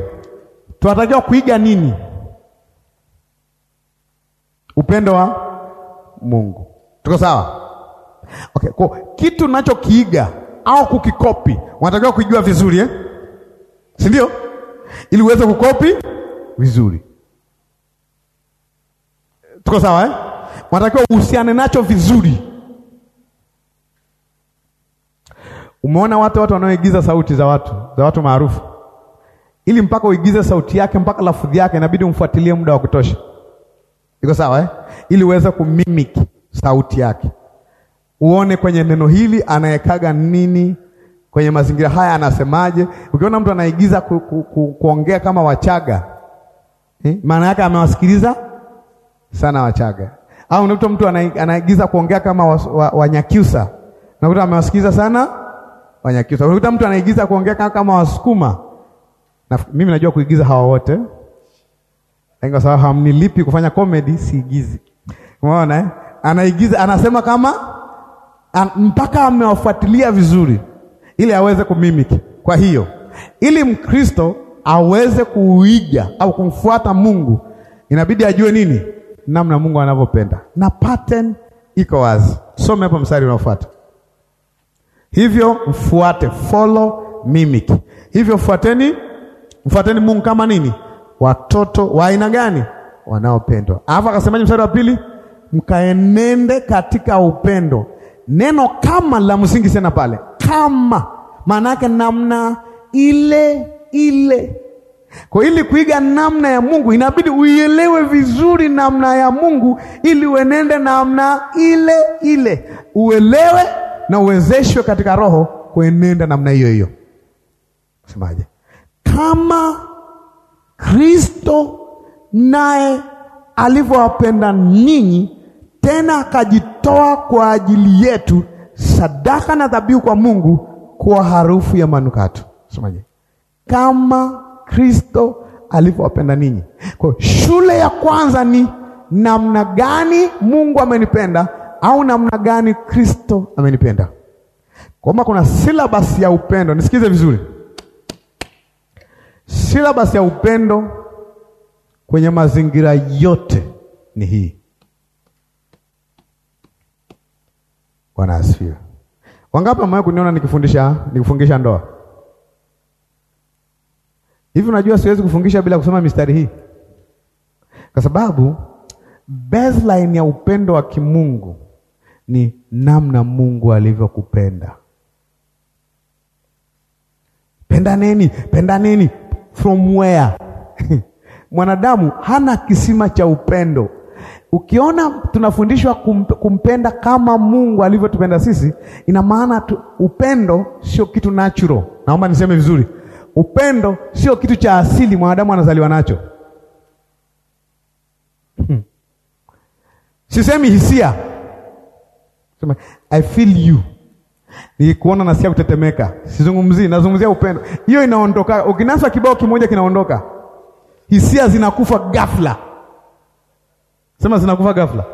tunatakiwa kuiga nini? Upendo wa Mungu. Tuko sawa? Okay, kwa kitu nachokiiga au kukikopi unatakiwa kuijua vizuri eh? si ndio? Ili uweze kukopi vizuri, tuko sawa eh? Unatakiwa uhusiane nacho vizuri. Umeona watu watu wanaoigiza sauti za watu za watu maarufu, ili mpaka uigize sauti yake mpaka lafudhi yake inabidi umfuatilie muda wa kutosha, iko sawa eh? Ili uweze kumimiki sauti yake uone kwenye neno hili anayekaga nini kwenye mazingira haya, anasemaje? Ukiona mtu anaigiza ku, ku, ku, kuongea kama Wachaga eh, maana yake amewasikiliza sana Wachaga. Au unakuta mtu anaigiza kuongea kama Wanyakyusa wa, wa unakuta amewasikiliza sana Wanyakyusa. Unakuta mtu anaigiza kuongea kama kama Wasukuma na, mimi najua kuigiza hawa wote kwa sababu hamnilipi kufanya comedy, siigizi. Umeona eh? Anaigiza, anasema kama Ah, mpaka amewafuatilia vizuri, ili aweze kumimiki. Kwa hiyo ili Mkristo aweze kuuiga au kumfuata Mungu, inabidi ajue nini, namna Mungu anavyopenda, na pattern iko wazi. Some hapo mstari unaofuata, hivyo mfuate, follow, mimic. Hivyo fuateni, mfuateni Mungu kama nini, watoto wa aina gani, wanaopendwa. Alafu akasemaje mstari wa pili, mkaenende katika upendo Neno kama la msingi sana pale, kama maana yake namna ile ile. Kwa ili kuiga namna ya Mungu inabidi uielewe vizuri namna ya Mungu ili uenende namna ile ile, uelewe na uwezeshwe katika roho kuenenda namna hiyo hiyo. Semaje? Kama Kristo naye alivyowapenda ninyi tena akaji akatoa kwa ajili yetu sadaka na dhabihu kwa Mungu kuwa harufu ya manukato. Somaje? Kama Kristo alivyowapenda ninyi. Kwa shule ya kwanza ni namna gani Mungu amenipenda au namna gani Kristo amenipenda. Kwamba kuna syllabus ya upendo. Nisikize vizuri. Syllabus ya upendo kwenye mazingira yote ni hii. Bwana asifiwe. Wangapi mmewahi kuniona nikifundisha nikifungisha ndoa? Hivi unajua siwezi kufungisha bila kusoma mistari hii, kwa sababu baseline ya upendo wa kimungu ni namna Mungu alivyokupenda. Pendaneni, pendaneni from where? [LAUGHS] Mwanadamu hana kisima cha upendo Ukiona tunafundishwa kumpenda kama Mungu alivyotupenda sisi, ina maana upendo sio kitu natural. Naomba niseme vizuri, upendo sio kitu cha asili mwanadamu anazaliwa nacho. Hmm. Sisemi hisia, sema I feel you, nikuona nasikia kutetemeka. Sizungumzii, nazungumzia upendo. Hiyo inaondoka, ukinasa kibao kimoja kinaondoka, hisia zinakufa ghafla. Sema zinakufa ghafla.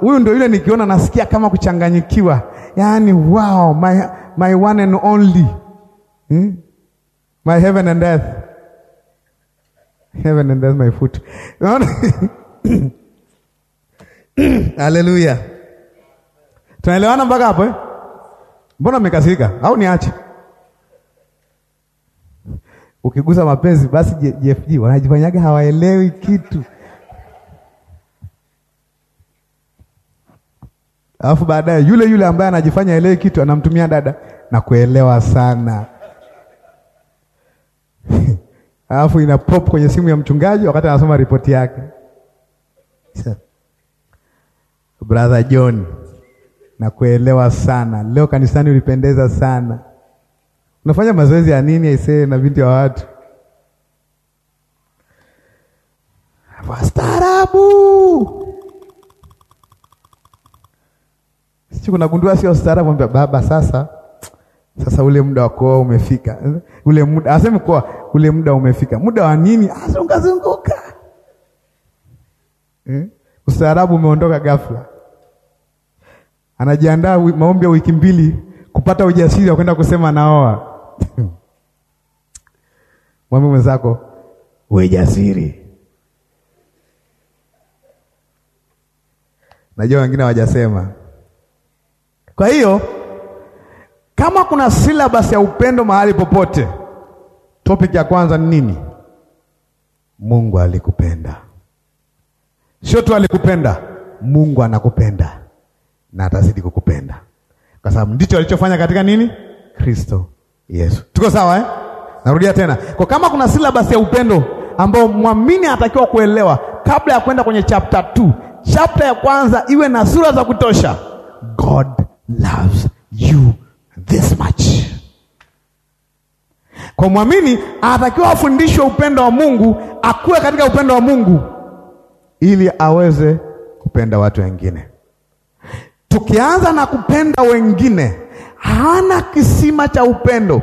Huyu ndio yule nikiona nasikia kama kuchanganyikiwa, yaani wow, my, my one and only hmm? my heaven and earth, heaven and earth my foot. [COUGHS] Hallelujah. tunaelewana mpaka hapo eh? Mbona umekasirika au niache? ukigusa mapenzi basi JFG wanajifanyaga hawaelewi kitu, alafu baadaye yule yule ambaye anajifanya elewi kitu anamtumia dada na kuelewa sana [LAUGHS] alafu ina pop kwenye simu ya mchungaji wakati anasoma ripoti yake. [LAUGHS] Brother John, nakuelewa sana leo kanisani, ulipendeza sana Unafanya mazoezi ya nini aisee na binti wa watu? Wastaarabu. Sisi kunagundua sio staarabu, ambia baba sasa sasa ule muda wa kuoa umefika. Ule muda aseme kwa ule muda umefika. Muda wa nini? Azunguka ah, zunguka. Eh? Ustaarabu umeondoka ghafla. Anajiandaa maombi ya wiki mbili kupata ujasiri wa kwenda kusema naoa. Hmm. mwambie mwenzako we jasiri. Najua wengine hawajasema. Kwa hiyo kama kuna silabasi ya upendo mahali popote, topic ya kwanza ni nini? Mungu alikupenda. Sio tu alikupenda, Mungu anakupenda na atazidi kukupenda, kwa sababu ndicho alichofanya katika nini Kristo. Yesu. Tuko sawa eh? Narudia tena, kwa kama kuna syllabus ya upendo ambao mwamini anatakiwa kuelewa kabla ya kwenda kwenye chapter 2, chapter ya kwanza iwe na sura za kutosha. God loves you this much. Kwa mwamini anatakiwa afundishwe upendo wa Mungu, akuwe katika upendo wa Mungu ili aweze kupenda watu wengine. Tukianza na kupenda wengine hana kisima cha upendo.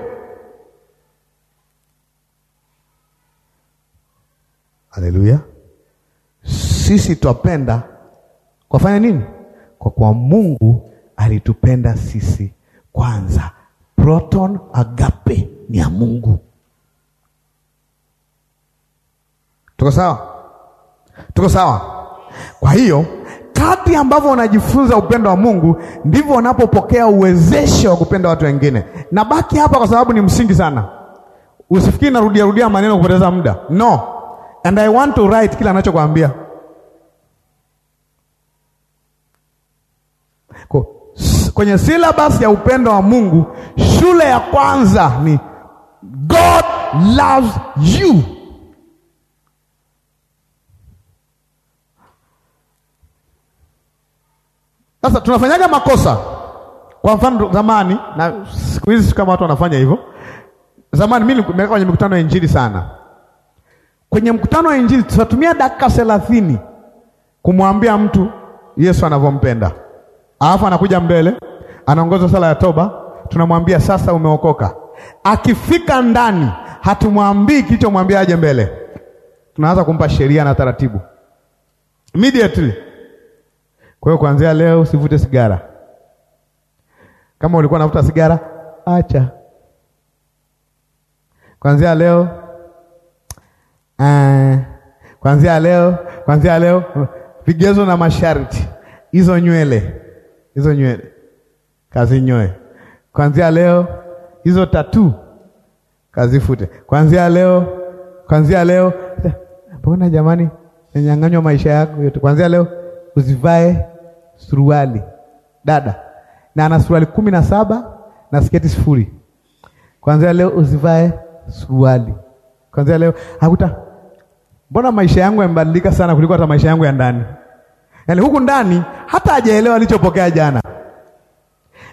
Haleluya! Sisi twapenda kwa fanya nini? Kwa kuwa Mungu alitupenda sisi kwanza. Proton agape ni ya Mungu. Tuko sawa? Tuko sawa? Kwa hiyo Kadri ambavyo unajifunza upendo wa Mungu ndivyo unapopokea uwezesho wa kupenda watu wengine. Na baki hapa, kwa sababu ni msingi sana. Usifikiri narudia rudia maneno kupoteza muda, no. And I want to write kila anachokwambia kwenye syllabus ya upendo wa Mungu. Shule ya kwanza ni God loves you. Sasa tunafanyaga makosa. Kwa mfano zamani, na siku hizi kama watu wanafanya hivyo. Zamani mimi nilikuwa kwenye mikutano ya injili sana. Kwenye mkutano wa injili tunatumia dakika 30 kumwambia mtu Yesu anavyompenda, alafu anakuja mbele, anaongoza sala ya toba, tunamwambia sasa umeokoka. Akifika ndani hatumwambii kilichomwambia aje mbele, tunaanza kumpa sheria na taratibu immediately kwa hiyo kuanzia leo usivute sigara. Kama ulikuwa unavuta sigara, acha. Kuanzia leo uh, kuanzia leo, kuanzia leo vigezo na masharti. Hizo nywele, hizo nywele kazi nyoe. Kuanzia leo hizo tatu kazifute. Kuanzia leo, kuanzia leo. Mbona jamani, nyang'anywa maisha yako yote. Kuanzia leo usivae suruali dada, na ana suruali kumi na saba na sketi sifuri. Kwanzia leo usivae suruali, kwanzia leo hakuta. Mbona maisha yangu yamebadilika sana kuliko hata maisha yangu ya ndani? Yaani huku ndani hata hajaelewa alichopokea jana,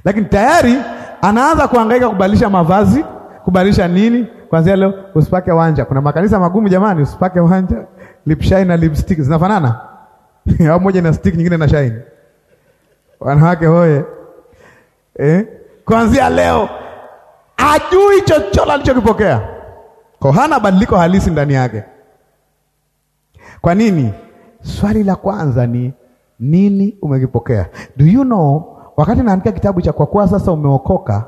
lakini tayari anaanza kuhangaika kubadilisha mavazi, kubadilisha nini. Kwanzia leo usipake wanja. Kuna makanisa magumu jamani, usipake wanja, lipshine na lipstick zinafanana [LAUGHS] au moja na stick nyingine na shine wanawake hoye eh? Kuanzia leo ajui chochote alichokipokea, kwa hana badiliko halisi ndani yake. Kwa nini? Swali la kwanza ni nini umekipokea? Do you know, wakati naandika kitabu cha kwa kuwa sasa umeokoka,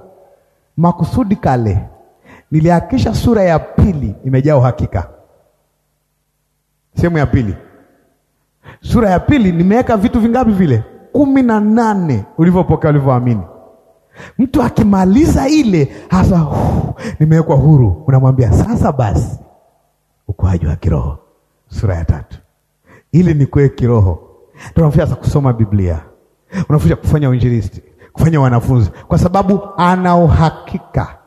makusudi kale nilihakisha sura ya pili imejaa uhakika. Sehemu ya pili, sura ya pili nimeweka vitu vingapi vile kumi na nane ulivyopokea ulivyoamini. Mtu akimaliza ile hasa, nimewekwa huru, unamwambia sasa basi ukuaji wa kiroho sura ya tatu, ili ni kiroho. Tunafundisha kusoma Biblia, unafundisha kufanya uinjilisti, kufanya wanafunzi, kwa sababu ana uhakika,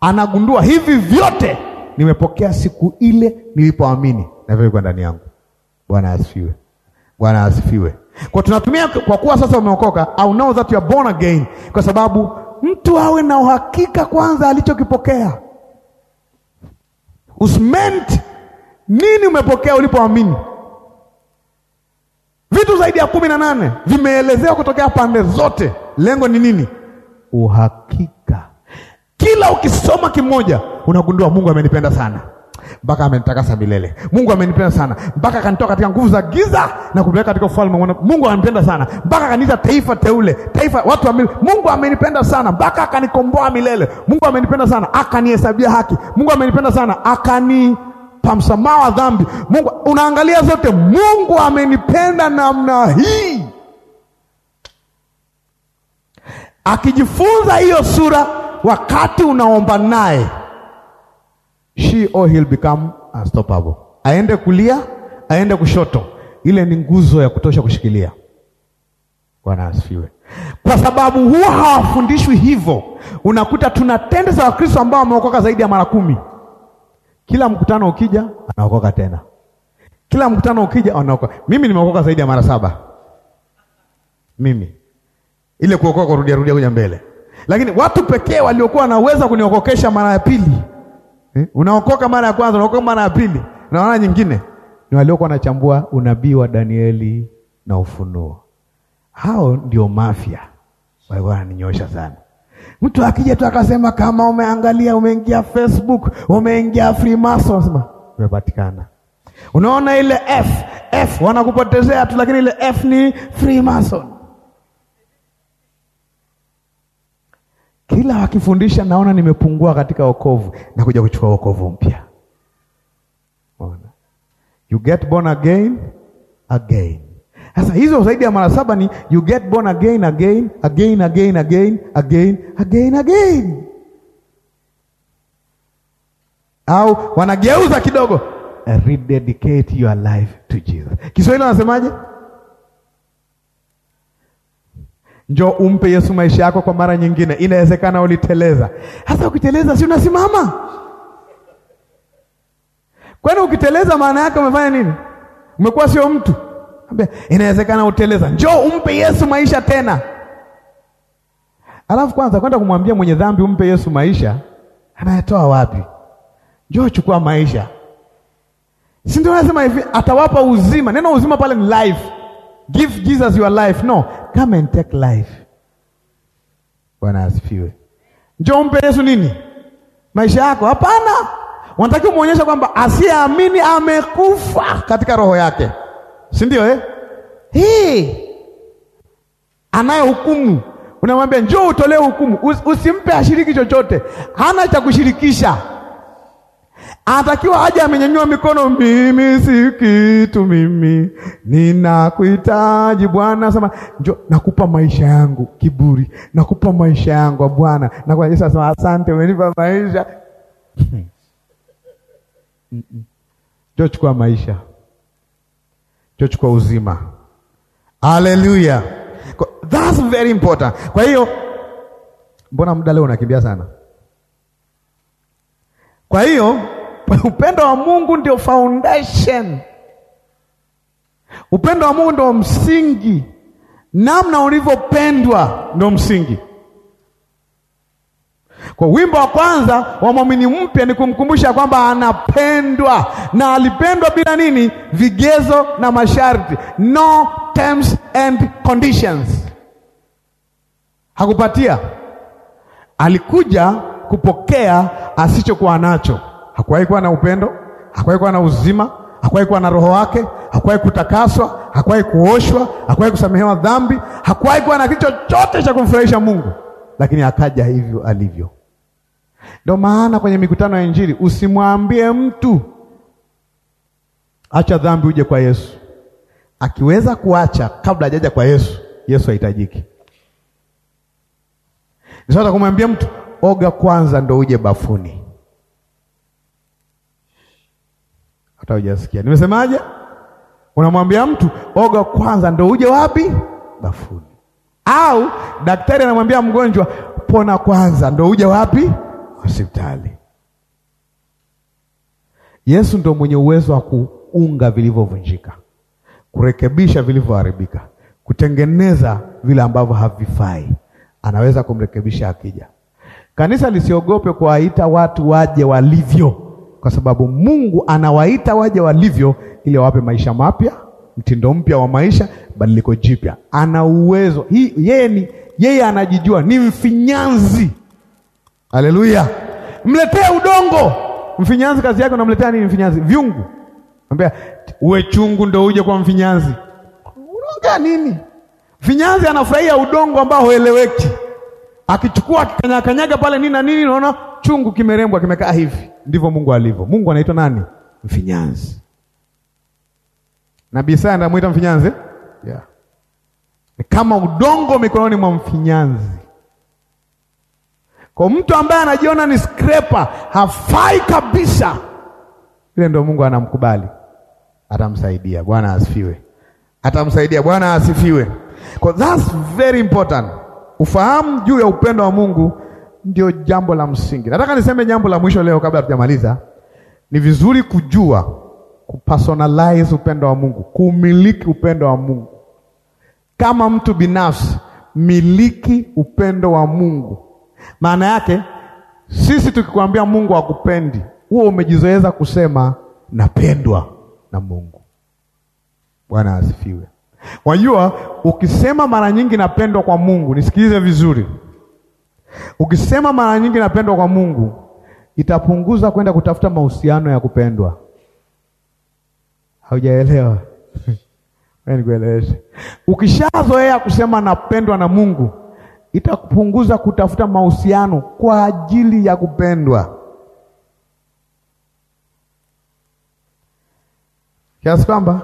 anagundua hivi vyote nimepokea siku ile nilipoamini, na vyo ndani yangu. Bwana asifiwe! Bwana asifiwe! Kwa tunatumia kwa kuwa sasa umeokoka, au know that you are born again, kwa sababu mtu awe na uhakika kwanza alichokipokea. Usment nini umepokea ulipoamini? Vitu zaidi ya kumi na nane vimeelezewa kutokea pande zote. Lengo ni nini? Uhakika. Kila ukisoma kimoja unagundua Mungu amenipenda sana mpaka amenitakasa milele. Mungu amenipenda sana mpaka akanitoa katika nguvu za giza na kupeleka katika ufalme Mungu amenipenda sana mpaka akaniita taifa teule, taifa watu wa Mungu amenipenda sana mpaka akanikomboa milele. Mungu amenipenda sana akanihesabia haki. Mungu amenipenda sana akani pamsamaha wa dhambi. Mungu unaangalia zote, Mungu amenipenda namna hii. Akijifunza hiyo sura wakati unaomba naye she or he'll become unstoppable. Aende kulia, aende kushoto, ile ni nguzo ya kutosha kushikilia. Bwana asifiwe. Kwa sababu huwa hawafundishwi hivyo, unakuta tuna tendo za Wakristo ambao wameokoka zaidi ya mara kumi. Kila mkutano ukija anaokoka tena, kila mkutano ukija anaokoka. Mimi nimeokoka zaidi ya mara saba, mimi ile kuokoka kurudia rudia kuja mbele, lakini watu pekee waliokuwa wanaweza kuniokokesha mara ya pili Eh? Unaokoka mara ya kwanza, unaokoka mara ya pili na mara nyingine. Ni waliokuwa wanachambua unabii wa Danieli na Ufunuo. Hao ndio mafia walikuwa wananinyoosha sana. Mtu akija tu akasema kama umeangalia, umeingia Facebook, umeingia Freemason, unasema umepatikana. Unaona ile F F wanakupotezea tu, lakini ile F ni Freemason. ila wakifundisha naona nimepungua katika wokovu, na kuja kuchukua wokovu mpya. you get born again again. Sasa hizo zaidi ya mara saba ni you get born again again again again again again again again, au wanageuza kidogo, rededicate your life to Jesus. Kiswahili wanasemaje? njo umpe Yesu maisha yako kwa mara nyingine. Inawezekana uliteleza. Hasa ukiteleza, si unasimama? Kwani ukiteleza maana yake umefanya nini? Umekuwa sio mtu. Inawezekana uteleza, njo umpe Yesu maisha tena. Alafu kwanza kwenda kumwambia mwenye dhambi umpe Yesu maisha, anayetoa wapi? Njoo chukua maisha, si ndio? Anasema hivi atawapa uzima. Neno uzima pale ni life. Give Jesus your life. No, come and take life. Bwana asifiwe. Njoo mpe Yesu nini maisha yako? Hapana, wanataka muonyesha kwamba asiyeamini amekufa katika roho yake, si ndio eh? Hii anaye hukumu, unamwambia njoo utolee hukumu. Usimpe ashiriki chochote, hana cha kushirikisha anatakiwa aje amenyanyua mikono, mimi si kitu, mimi ninakuhitaji Bwana. Sema njoo, nakupa maisha yangu. Kiburi, nakupa maisha yangu Bwana. Na Yesu asema asante, umenipa maisha [LAUGHS] njoo, chukua maisha, njoo chukua uzima. Haleluya, that's very important. Kwa hiyo mbona muda leo unakimbia sana? Kwa hiyo upendo wa Mungu ndio foundation, upendo wa Mungu ndio msingi, namna ulivyopendwa ndio msingi. Kwa wimbo wa kwanza wa mwamini mpya ni kumkumbusha kwamba anapendwa na alipendwa bila nini, vigezo na masharti, no terms and conditions. Hakupatia, alikuja kupokea asichokuwa nacho hakuwahi kuwa na upendo, hakuwahi kuwa na uzima, hakuwahi kuwa na roho wake, hakuwahi kutakaswa, hakuwahi kuoshwa, hakuwahi kusamehewa dhambi, hakuwahi kuwa na kitu chochote cha kumfurahisha Mungu, lakini akaja hivyo alivyo. Ndio maana kwenye mikutano ya Injili usimwambie mtu acha dhambi uje kwa Yesu. Akiweza kuacha kabla hajaja kwa Yesu, Yesu hahitajiki. Nisaweza kumwambia mtu oga kwanza ndo uje bafuni. hata hujasikia nimesemaje. Unamwambia mtu oga kwanza ndo uje wapi bafuni, au daktari anamwambia mgonjwa pona kwanza ndo uje wapi hospitali. Yesu ndo mwenye uwezo wa kuunga vilivyovunjika, kurekebisha vilivyoharibika, kutengeneza vile ambavyo havifai. Anaweza kumrekebisha akija. Kanisa lisiogope kuwaita watu waje walivyo kwa sababu Mungu anawaita waje walivyo ili awape maisha mapya, mtindo mpya wa maisha, badiliko jipya. Ana uwezo hii, yeye ni yeye, anajijua ni mfinyanzi. Haleluya! mletee udongo. Mfinyanzi kazi yake unamletea nini? Mfinyanzi vyungu, ambia uwe chungu ndo uje kwa mfinyanzi. Unaongea nini? Mfinyanzi anafurahia udongo ambao hueleweki, akichukua akikanyakanyaga pale nini na nini, naona chungu kimerembwa kimekaa hivi ndivyo Mungu alivyo. Mungu anaitwa nani? Mfinyanzi. Nabii Isaya anamwita mfinyanzi yeah. Ni kama udongo mikononi mwa mfinyanzi. Kwa mtu ambaye anajiona ni scraper, hafai kabisa, ile ndio Mungu anamkubali, atamsaidia. Bwana asifiwe, atamsaidia. Bwana asifiwe. Kwa that's very important, ufahamu juu ya upendo wa Mungu ndio jambo la msingi. Nataka niseme jambo la mwisho leo kabla hatujamaliza. Ni vizuri kujua kupersonalize upendo wa Mungu, kumiliki upendo wa Mungu kama mtu binafsi. Miliki upendo wa Mungu, maana yake sisi tukikwambia Mungu akupendi huo umejizoeza kusema napendwa na Mungu. Bwana asifiwe. Wajua, ukisema mara nyingi napendwa kwa Mungu, nisikilize vizuri Ukisema mara nyingi napendwa kwa Mungu, itapunguza kwenda kutafuta mahusiano ya kupendwa. Haujaelewa? [LAUGHS] Nikueleweshe. Ukishazoea kusema napendwa na Mungu, itakupunguza kutafuta mahusiano kwa ajili ya kupendwa, kiasi kwamba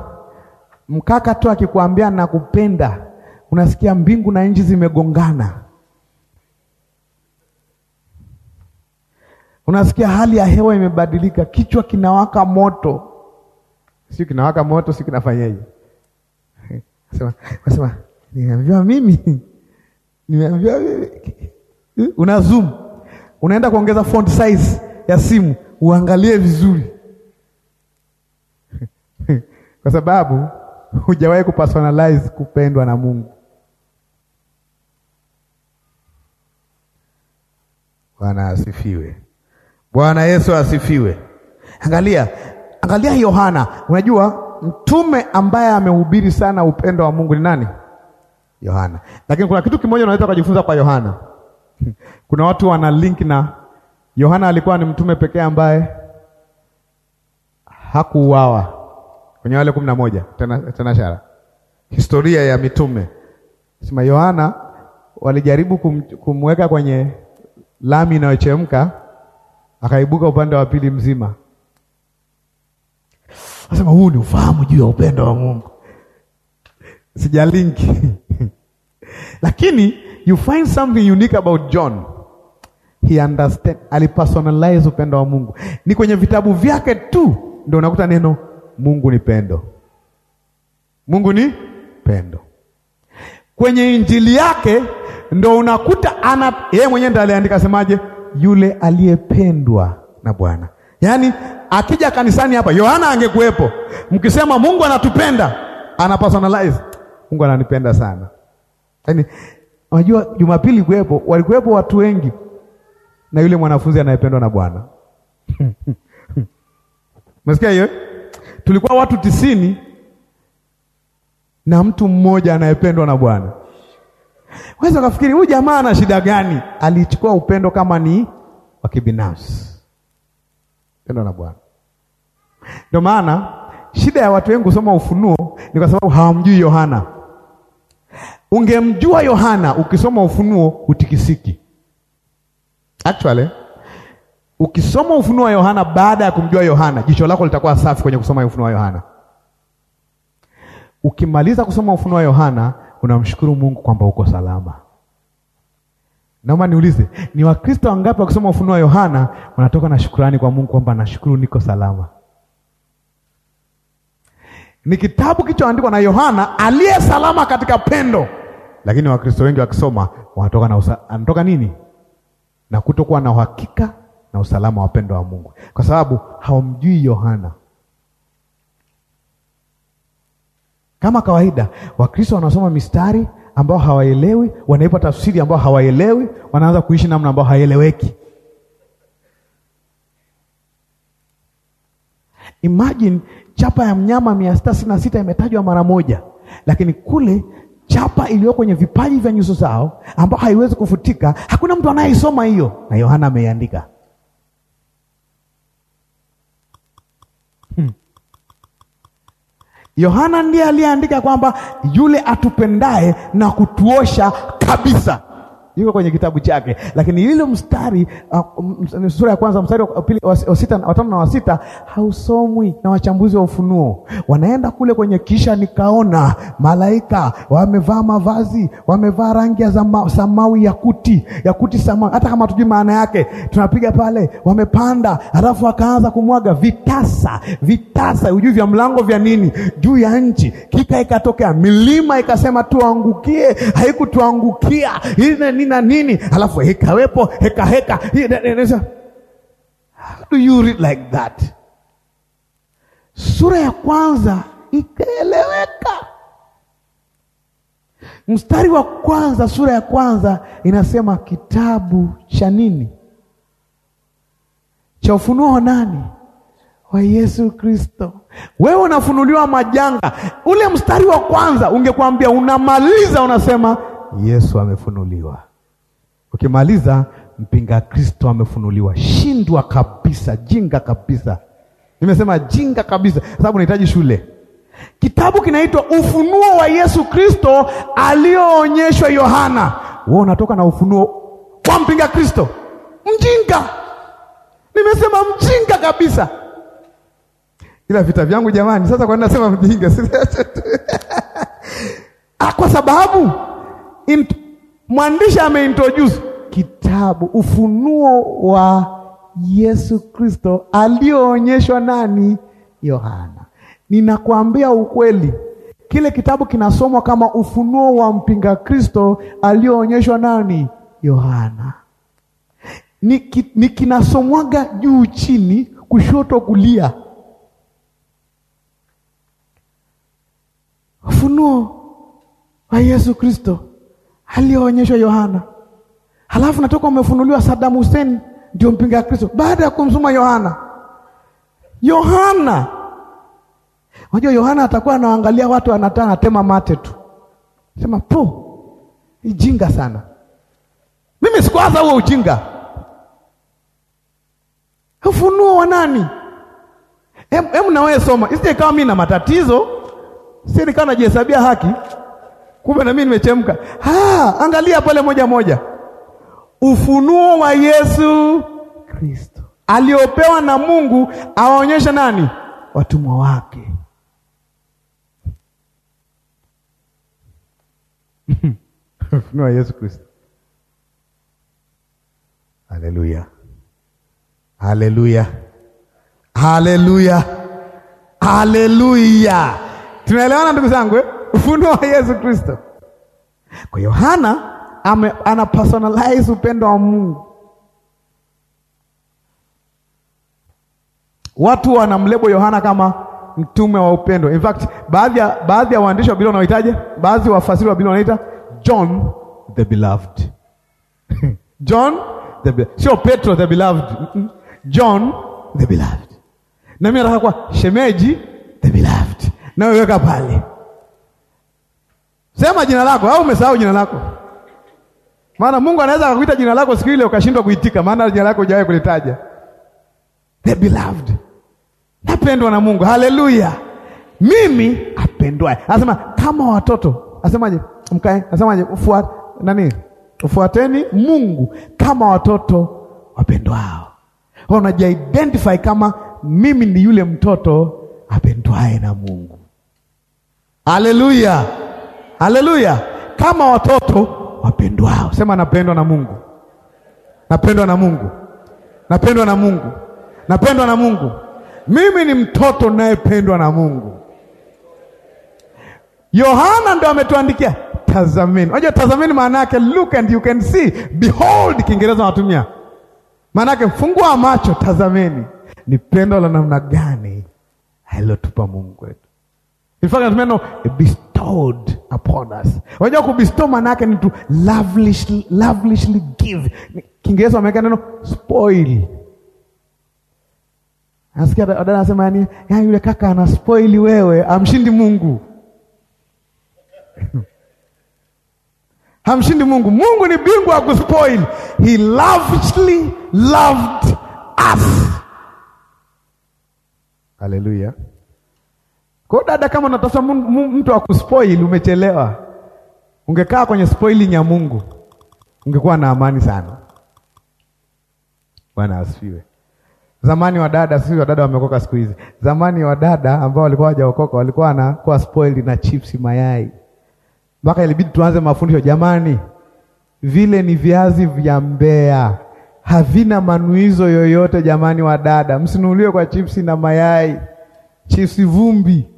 mkaka tu akikwambia nakupenda, unasikia mbingu na nchi zimegongana. Unasikia hali ya hewa imebadilika, kichwa kinawaka moto, sio kinawaka moto, sio kinafanyaje? Nasema, nasema nimeambiwa mimi, nimeambiwa mimi. Una zoom, unaenda kuongeza font size ya simu, uangalie vizuri, kwa sababu hujawahi kupersonalize kupendwa na Mungu. Bwana asifiwe. Bwana Yesu asifiwe. Angalia, angalia Yohana. Unajua mtume ambaye amehubiri sana upendo wa Mungu ni nani? Yohana. Lakini kuna kitu kimoja unaweza kujifunza kwa Yohana. [LAUGHS] Kuna watu wana link na Yohana alikuwa ni mtume pekee ambaye hakuuawa kwenye wale kumi na moja shara historia ya mitume sema Yohana walijaribu kumweka kwenye lami inayochemka akaibuka upande wa pili mzima. Anasema huu ni ufahamu juu ya upendo wa Mungu. Sijalinki [LAUGHS] lakini you find something unique about John. He understand, alipersonalize upendo wa Mungu. Ni kwenye vitabu vyake tu ndio unakuta neno Mungu ni pendo. Mungu ni pendo. Kwenye injili yake ndio unakuta ana yeye mwenyewe ndiye aliandika semaje? yule aliyependwa na Bwana. Yaani akija kanisani hapa, Yohana angekuwepo, mkisema Mungu anatupenda, ana personalize Mungu ananipenda sana. Yaani unajua Jumapili kuwepo, walikuwepo watu wengi na yule mwanafunzi anayependwa na Bwana [LAUGHS] Mesikia hiyo? Tulikuwa watu tisini na mtu mmoja anayependwa na Bwana. Waweza kafikiri huyu jamaa ana shida gani? Alichukua upendo kama ni wa kibinafsi, pendo la Bwana. Ndio maana shida ya watu wengi kusoma Ufunuo ni kwa sababu hawamjui Yohana. Ungemjua Yohana ukisoma Ufunuo utikisiki. Actually, ukisoma Ufunuo wa Yohana baada ya kumjua Yohana, jicho lako litakuwa safi kwenye kusoma Ufunuo wa Yohana. Ukimaliza kusoma Ufunuo wa Yohana unamshukuru Mungu kwamba uko salama. Naomba niulize, ni Wakristo wangapi wakisoma Ufunuo wa Yohana wanatoka na shukurani kwa Mungu kwamba nashukuru niko salama? Ni kitabu kilichoandikwa na Yohana aliye salama katika pendo, lakini Wakristo wengi wakisoma wanatoka na anatoka nini? Na kutokuwa na uhakika na usalama wa pendo wa Mungu, kwa sababu hawamjui Yohana. Kama kawaida, Wakristo wanasoma mistari ambao hawaelewi, wanaipa tafsiri ambao hawaelewi, wanaanza kuishi namna ambao haieleweki. Imagine chapa ya mnyama mia sita sitini na sita imetajwa mara moja, lakini kule chapa iliyo kwenye vipaji vya nyuso zao ambao haiwezi kufutika, hakuna mtu anayeisoma hiyo, na Yohana ameiandika. hmm. Yohana ndiye aliyeandika kwamba yule atupendaye na kutuosha kabisa yuko kwenye kitabu chake, lakini ile mstari uh, sura ya kwanza mstari wa pili wa sita wa tano na wa sita hausomwi na wachambuzi wa ufunuo. Wanaenda kule kwenye kisha nikaona malaika wamevaa mavazi wamevaa rangi ya zama, samawi ya kuti samawi, hata kama tujui maana yake tunapiga pale, wamepanda halafu akaanza kumwaga vitasa vitasa, ujui vya mlango vya nini juu ya nchi, kika ikatokea milima ikasema tuangukie, haikutuangukia ile nini na nini, alafu hekawepo heka heka. do you read like that? Sura ya kwanza ikaeleweka. Mstari wa kwanza sura ya kwanza inasema kitabu cha nini? Cha ufunuo wa nani? Wa Yesu Kristo. Wewe unafunuliwa majanga. Ule mstari wa kwanza ungekuambia unamaliza, unasema Yesu amefunuliwa. Ukimaliza mpinga Kristo amefunuliwa. Shindwa kabisa, jinga kabisa. Nimesema jinga kabisa, sababu nahitaji shule. Kitabu kinaitwa Ufunuo wa Yesu Kristo aliyoonyeshwa Yohana. Wewe unatoka na ufunuo wa mpinga Kristo, mjinga. Nimesema mjinga kabisa, ila vita vyangu jamani. Sasa kwa nini nasema mjinga? [LAUGHS] kwa sababu Mwandishi ameintroduce kitabu ufunuo wa Yesu Kristo aliyoonyeshwa nani? Yohana. ninakwambia ukweli, kile kitabu kinasomwa kama ufunuo wa mpinga Kristo aliyoonyeshwa nani? Yohana. Ni, ki, ni kinasomwaga juu chini, kushoto kulia. Ufunuo wa Yesu Kristo aliyoonyeshwa Yohana, halafu natoka umefunuliwa Saddam Hussein ndio mpinga Kristo baada ya kumsuma Yohana. Yohana, unajua Yohana atakuwa anaangalia watu anataa anatema mate tu, sema po ijinga sana. Mimi sikuanza huo ujinga. Ufunuo wa nani? Hem, hem soma, isije ikawa mimi na matatizo, si nikawa najihesabia haki kumbe na mimi nimechemka. Ah, angalia pale moja moja, ufunuo wa Yesu Kristo aliopewa na Mungu awaonyesha nani watumwa wake. [LAUGHS] ufunuo wa Yesu Kristo. Haleluya, haleluya, haleluya, haleluya! Tunaelewana ndugu zangu eh? ufunuo wa Yesu Kristo. Kwa Yohana ana personalize upendo wa Mungu. Watu wanamlebo Yohana kama mtume wa upendo. In fact, baadhi ya baadhi ya waandishi wa Biblia wanaitaje? Baadhi wafasiri wa Biblia wanaita John the beloved. [LAUGHS] John the beloved. Sio Petro the beloved. John the beloved. Na mimi nataka kwa shemeji the beloved. Na weka pale. Sema jina lako au umesahau jina lako? Maana Mungu anaweza akakuita jina lako siku ile ukashindwa kuitika, maana jina lako hujawahi kulitaja. The beloved, napendwa na Mungu. Haleluya, mimi apendwaye. Anasema kama watoto, asemaje? Mkae, asemaje? Ufuat nani? Ufuateni Mungu kama watoto wapendwao. Unajiidentify kama mimi ni yule mtoto apendwaye na Mungu. Haleluya. Haleluya! Kama watoto wapendwao, sema napendwa na Mungu, napendwa na Mungu, napendwa na Mungu, napendwa na Mungu. Mimi ni mtoto nayependwa na Mungu. Yohana ndo ametuandikia tazameni. Unajua tazameni maana yake look and you can see, behold Kiingereza wanatumia maana yake fungua macho, tazameni. Ni pendo la namna gani alilotupa Mungu wetu. In fact a beast bestowed upon us. Unajua kubestow maana yake ni to lavishly, lavishly give. Kiingereza wameweka neno spoil. Nasikia dada anasema yani, yani yule kaka ana spoil wewe, amshindi Mungu. [LAUGHS] Hamshindi Mungu. Mungu ni bingwa wa kuspoil. He lavishly loved us. Hallelujah. Kwa dada, kama unatafuta mtu wa kuspoil, umechelewa. Ungekaa kwenye spoiling ya Mungu, ungekuwa na amani sana. Bwana asifiwe. Zamani wa dada, sisi dada wameokoka siku hizi. Zamani wa dada ambao walikuwa hawajaokoka walikuwa wanakuwa spoiled na chipsi, mayai, mpaka ilibidi tuanze mafundisho, jamani, vile ni viazi vya Mbeya, havina manuizo yoyote. Jamani wa dada, msinuliwe kwa chipsi na mayai, chipsi vumbi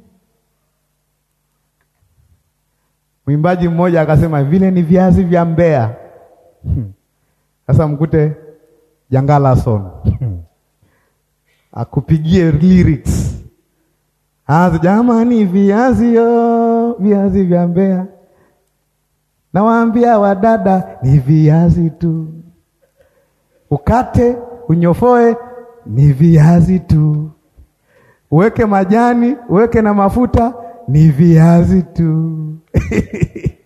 Mwimbaji mmoja akasema vile ni viazi vya Mbeya. Hmm. Sasa mkute Jangala Son hmm. akupigie lyrics azi, jamani, viazi yo viazi vya Mbeya, nawaambia wadada ni viazi tu, ukate unyofoe ni viazi tu, uweke majani uweke na mafuta ni viazi tu. [LAUGHS]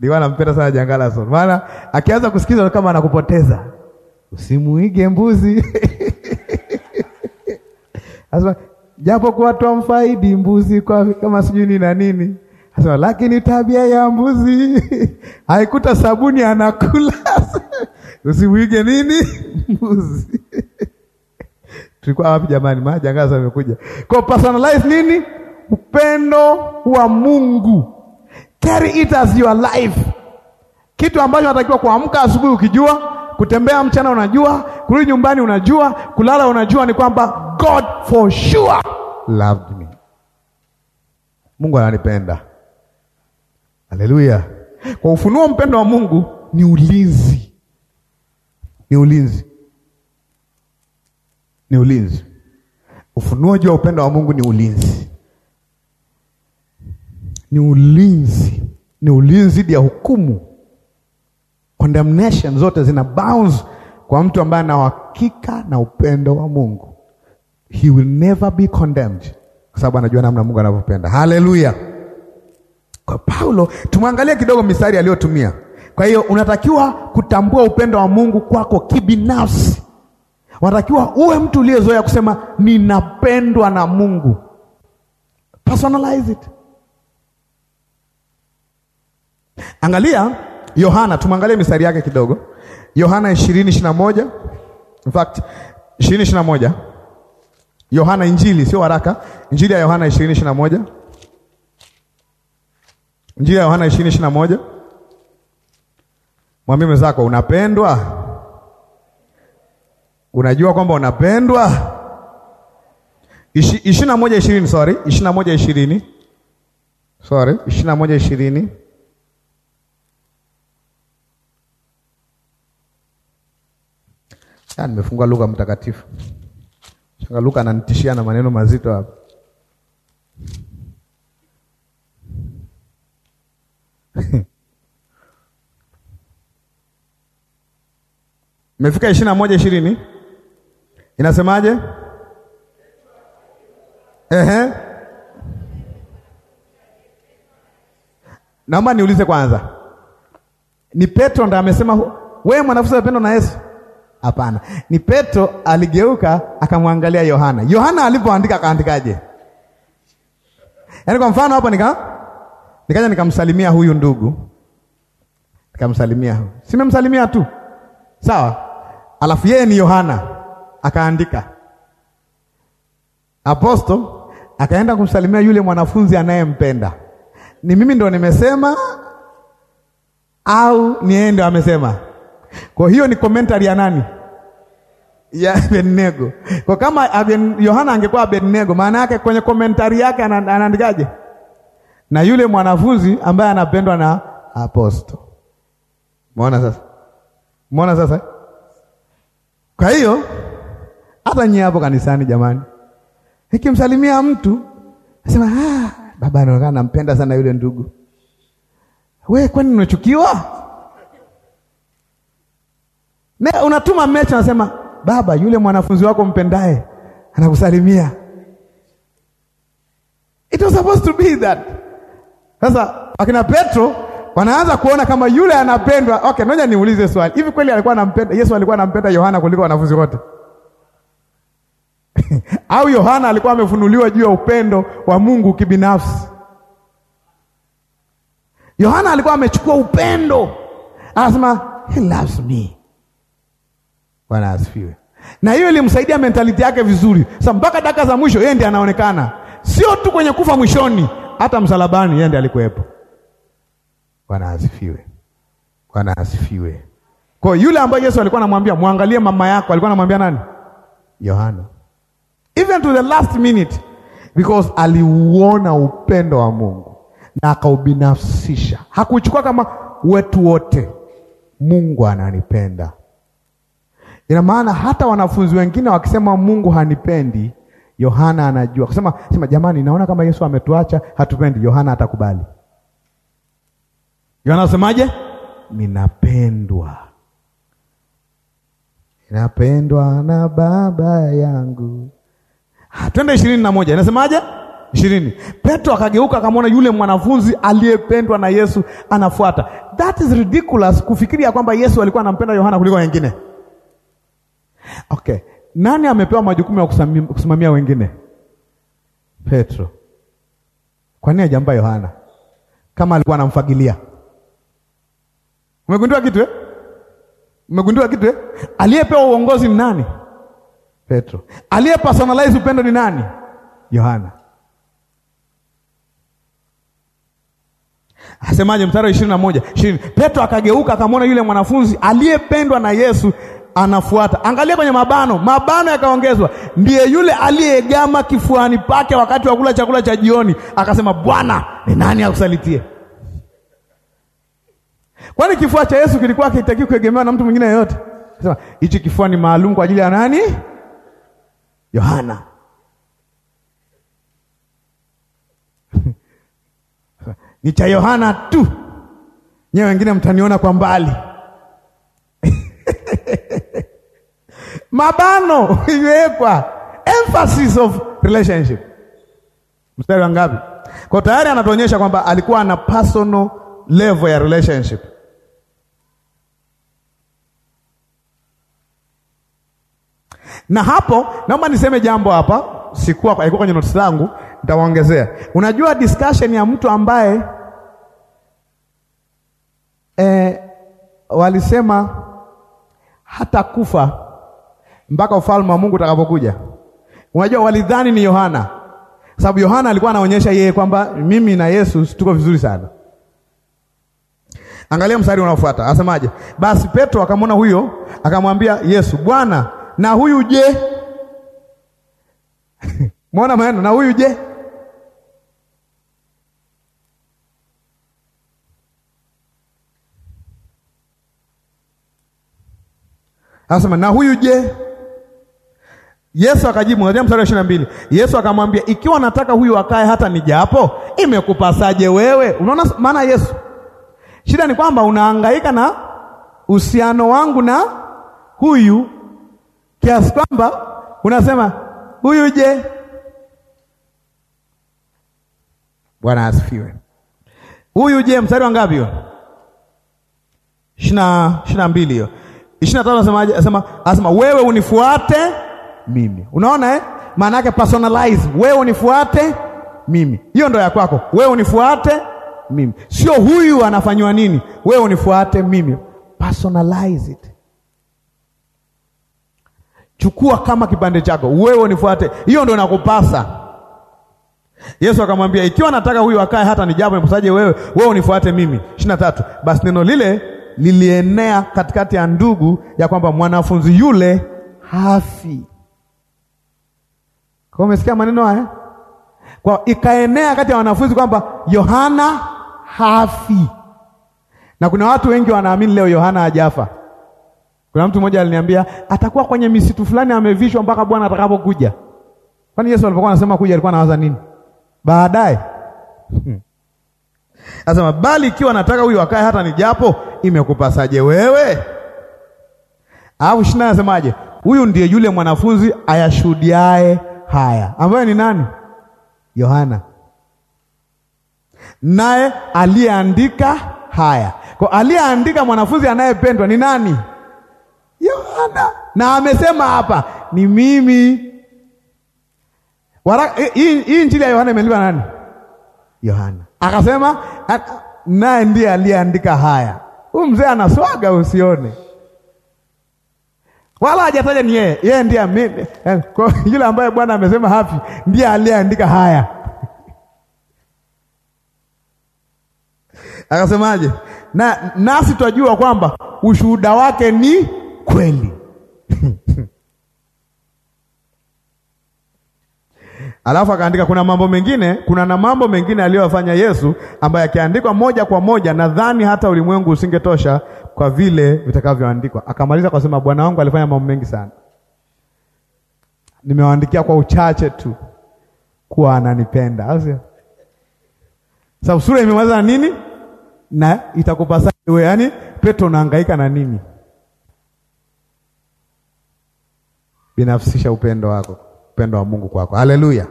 Ndio anampenda sana Jangala Son, maana akianza kusikiza kama anakupoteza. Usimuige mbuzi [LAUGHS] asema, japo kuwa twamfaidi mbuzi kwa kama sijui ni na nini, asema lakini tabia ya mbuzi [LAUGHS] haikuta sabuni anakula usimuige nini mbuzi tulikuwa wapi jamani? Maana Jangala Son amekuja kwa personalize nini upendo wa Mungu. Carry it as your life, kitu ambacho natakiwa kuamka asubuhi ukijua, kutembea mchana unajua, kurudi nyumbani unajua, kulala unajua, ni kwamba God for sure loved me. Mungu ananipenda. Haleluya! Kwa ufunuo, mpendo wa Mungu ni ulinzi, ni ulinzi, ni ulinzi. Ufunuo juu ya upendo wa Mungu ni ulinzi ni ulinzi, ni ulinzi dhidi ya hukumu. Condemnation zote zina bounce kwa mtu ambaye ana uhakika na upendo wa Mungu. He will never be condemned, kwa sababu anajua namna Mungu anavyopenda. Haleluya! Kwa Paulo tumwangalie kidogo mistari aliyotumia. Kwa hiyo unatakiwa kutambua upendo wa Mungu kwako kibinafsi. Unatakiwa uwe mtu uliyezoea kusema ninapendwa na Mungu. Personalize it. Angalia Yohana, tumwangalie mistari yake kidogo. Yohana 20:21. in fact 20:21. Yohana Injili, sio waraka. Injili ya Yohana 20:21. Injili ya Yohana 20:21. Mwambie mwenzako unapendwa, unajua kwamba unapendwa. ishirini na moja ishirini sorry, ishirini na moja ishirini sorry, ishirini na moja ishirini Sasa nimefungua lugha mtakatifu. Shanga Luka ananitishia na maneno mazito hapa. [LAUGHS] Mefika ishirini na moja ishirini inasemaje? Ehe. Naomba niulize kwanza, ni Petro ndiye amesema wewe mwanafunzi wa Petro na Yesu? Hapana, ni Petro aligeuka akamwangalia Yohana. Yohana alipoandika akaandikaje? Yaani kwa mfano hapa nika nikaja nikamsalimia huyu ndugu, nikamsalimia huyu, simemsalimia tu sawa, alafu yeye ni Yohana akaandika aposto, akaenda kumsalimia yule mwanafunzi anayempenda. Ni mimi ndo nimesema au niende? Amesema kwa hiyo ni commentary ya nani? Ya Abednego. Kwa kama Yohana angekuwa Abednego, maana yake kwenye commentary yake anaandikaje? Na yule mwanafunzi ambaye anapendwa na aposto. Muona sasa? Muona sasa? Kwa hiyo hata nyie hapo kanisani jamani, ikimsalimia mtu nasema ah, baba anaonekana nampenda sana yule ndugu. We kwani unachukiwa? Me, unatuma mecha unasema baba, yule mwanafunzi wako mpendaye anakusalimia. It was supposed to be that. Sasa akina Petro wanaanza kuona kama yule anapendwa. Okay, noja niulize swali, hivi kweli alikuwa anampenda Yesu? Alikuwa anampenda Yohana kuliko wanafunzi wote? [LAUGHS] au Yohana alikuwa amefunuliwa juu ya upendo wa Mungu kibinafsi? Yohana alikuwa amechukua upendo, anasema he loves me Bwana asifiwe. Na hiyo ilimsaidia mentality yake vizuri. Sasa mpaka dakika za mwisho yeye ndiye anaonekana, sio tu kwenye kufa mwishoni, hata msalabani yeye ndiye alikuwepo. Bwana asifiwe. Bwana asifiwe. Kwa yule ambaye Yesu alikuwa anamwambia mwangalie mama yako, alikuwa anamwambia nani? Yohana. Even to the last minute because aliuona upendo wa Mungu na akaubinafsisha. Hakuchukua kama wetu wote. Mungu ananipenda. Ina maana hata wanafunzi wengine wakisema Mungu hanipendi, Yohana anajua kusema, sema jamani, naona kama Yesu ametuacha hatupendi. Yohana atakubali. Yohana asemaje? Ninapendwa, ninapendwa na Baba yangu. Ah, twende ishirini na moja inasemaje? ishirini. Petro akageuka akamwona yule mwanafunzi aliyependwa na Yesu anafuata. That is ridiculous kufikiria kwamba Yesu alikuwa anampenda Yohana kuliko wengine. Okay, nani amepewa majukumu ya kusimamia wengine? Petro. Kwa nini ajamba Yohana kama alikuwa anamfagilia? Umegundua kitu eh? Umegundua kitu eh? Aliyepewa uongozi ni nani? Petro. Aliye personalize upendo ni nani? Yohana. Asemaje mstari wa ishirini na moja ishirini Petro akageuka akamwona yule mwanafunzi aliyependwa na Yesu anafuata. Angalia kwenye mabano, mabano yakaongezwa, ndiye yule aliyegama kifuani pake wakati wa kula chakula cha jioni, akasema, Bwana, ni nani akusalitie? Kwani kifua cha Yesu kilikuwa kitakiwa kuegemewa na mtu mwingine yeyote? Sema hichi kifua ni maalum kwa ajili ya nani? Yohana. [LAUGHS] ni cha Yohana tu, nyewe wengine mtaniona kwa mbali. mabano [LAUGHS] iwekwa emphasis of relationship. Mstari wa ngapi? Kwa tayari anatuonyesha kwamba alikuwa ana personal level ya relationship. Na hapo naomba niseme jambo hapa, sikuwa kwa, kwenye notes zangu, nitawaongezea. Unajua discussion ya mtu ambaye eh, walisema hata kufa mpaka ufalme wa Mungu utakapokuja. Unajua, walidhani ni Yohana, sababu Yohana alikuwa anaonyesha yeye kwamba mimi na Yesu tuko vizuri sana. Angalia mstari unaofuata asemaje? Basi Petro akamwona huyo, akamwambia Yesu, Bwana, na huyu je? [LAUGHS] mwona maneno, na huyu je? asema na huyu je Yesu akajibu, angalia mstari wa ishirini na mbili. Yesu akamwambia, ikiwa nataka huyu akae hata nijapo, imekupasaje wewe? Unaona maana Yesu, shida ni kwamba unahangaika na uhusiano wangu na huyu kiasi kwamba unasema huyu je? Bwana asifiwe. Huyu je, mstari wa ngapi? ishirini na mbili hiyo. ishirini na tatu asema, asema wewe unifuate mimi. Unaona eh? Maana yake personalize, wewe unifuate mimi. Hiyo ndo ya kwako, wewe unifuate mimi, sio huyu anafanywa nini, wewe unifuate mimi. Personalize it, chukua kama kipande chako, wewe unifuate. Hiyo ndo inakupasa. Yesu akamwambia, ikiwa nataka huyu akae hata ni jambo nipasaje wewe, wewe unifuate mimi. ishirini na tatu. Basi neno lile lilienea katikati ya ndugu ya kwamba mwanafunzi yule hafi. Kwa umesikia maneno haya? Kwa ikaenea kati ya wanafunzi kwamba Yohana hafi, na kuna watu wengi wanaamini leo Yohana hajafa. Kuna mtu mmoja aliniambia atakuwa kwenye misitu fulani amevishwa mpaka Bwana atakapokuja. Kwani Yesu alipokuwa anasema kuja alikuwa anawaza nini? Baadaye hmm. asema, bali ikiwa nataka huyu akae hata nijapo, imekupasaje wewe? Alafu shina anasemaje? Huyu ndiye yule mwanafunzi ayashuhudiaye haya, ambaye ni nani? Yohana, naye aliyeandika haya. Kwa aliyeandika mwanafunzi anayependwa ni nani? Yohana. Na amesema hapa ni mimi. Eh, hii injili ya Yohana imeliwa nani? Yohana akasema naye ndiye aliyeandika haya. Huyu mzee anaswaga usione wala hajataja ni yeye, yeye ndiye mimi eh, kwa yule ambaye Bwana amesema hapi, ndiye aliyeandika haya. [LAUGHS] Akasemaje? na nasi twajua kwamba ushuhuda wake ni kweli. [LAUGHS] Alafu akaandika kuna mambo mengine, kuna na mambo mengine aliyofanya Yesu ambayo yakiandikwa moja kwa moja, nadhani hata ulimwengu usingetosha kwa vile vitakavyoandikwa. Akamaliza kwa kusema, Bwana wangu alifanya mambo mengi sana, nimewaandikia kwa uchache tu kuwa ananipenda, au sio? Sababu sura imemaliza na nini, na itakupasa wewe, yaani Petro unahangaika na nini? Binafsisha upendo wako, upendo wa Mungu kwako. Haleluya!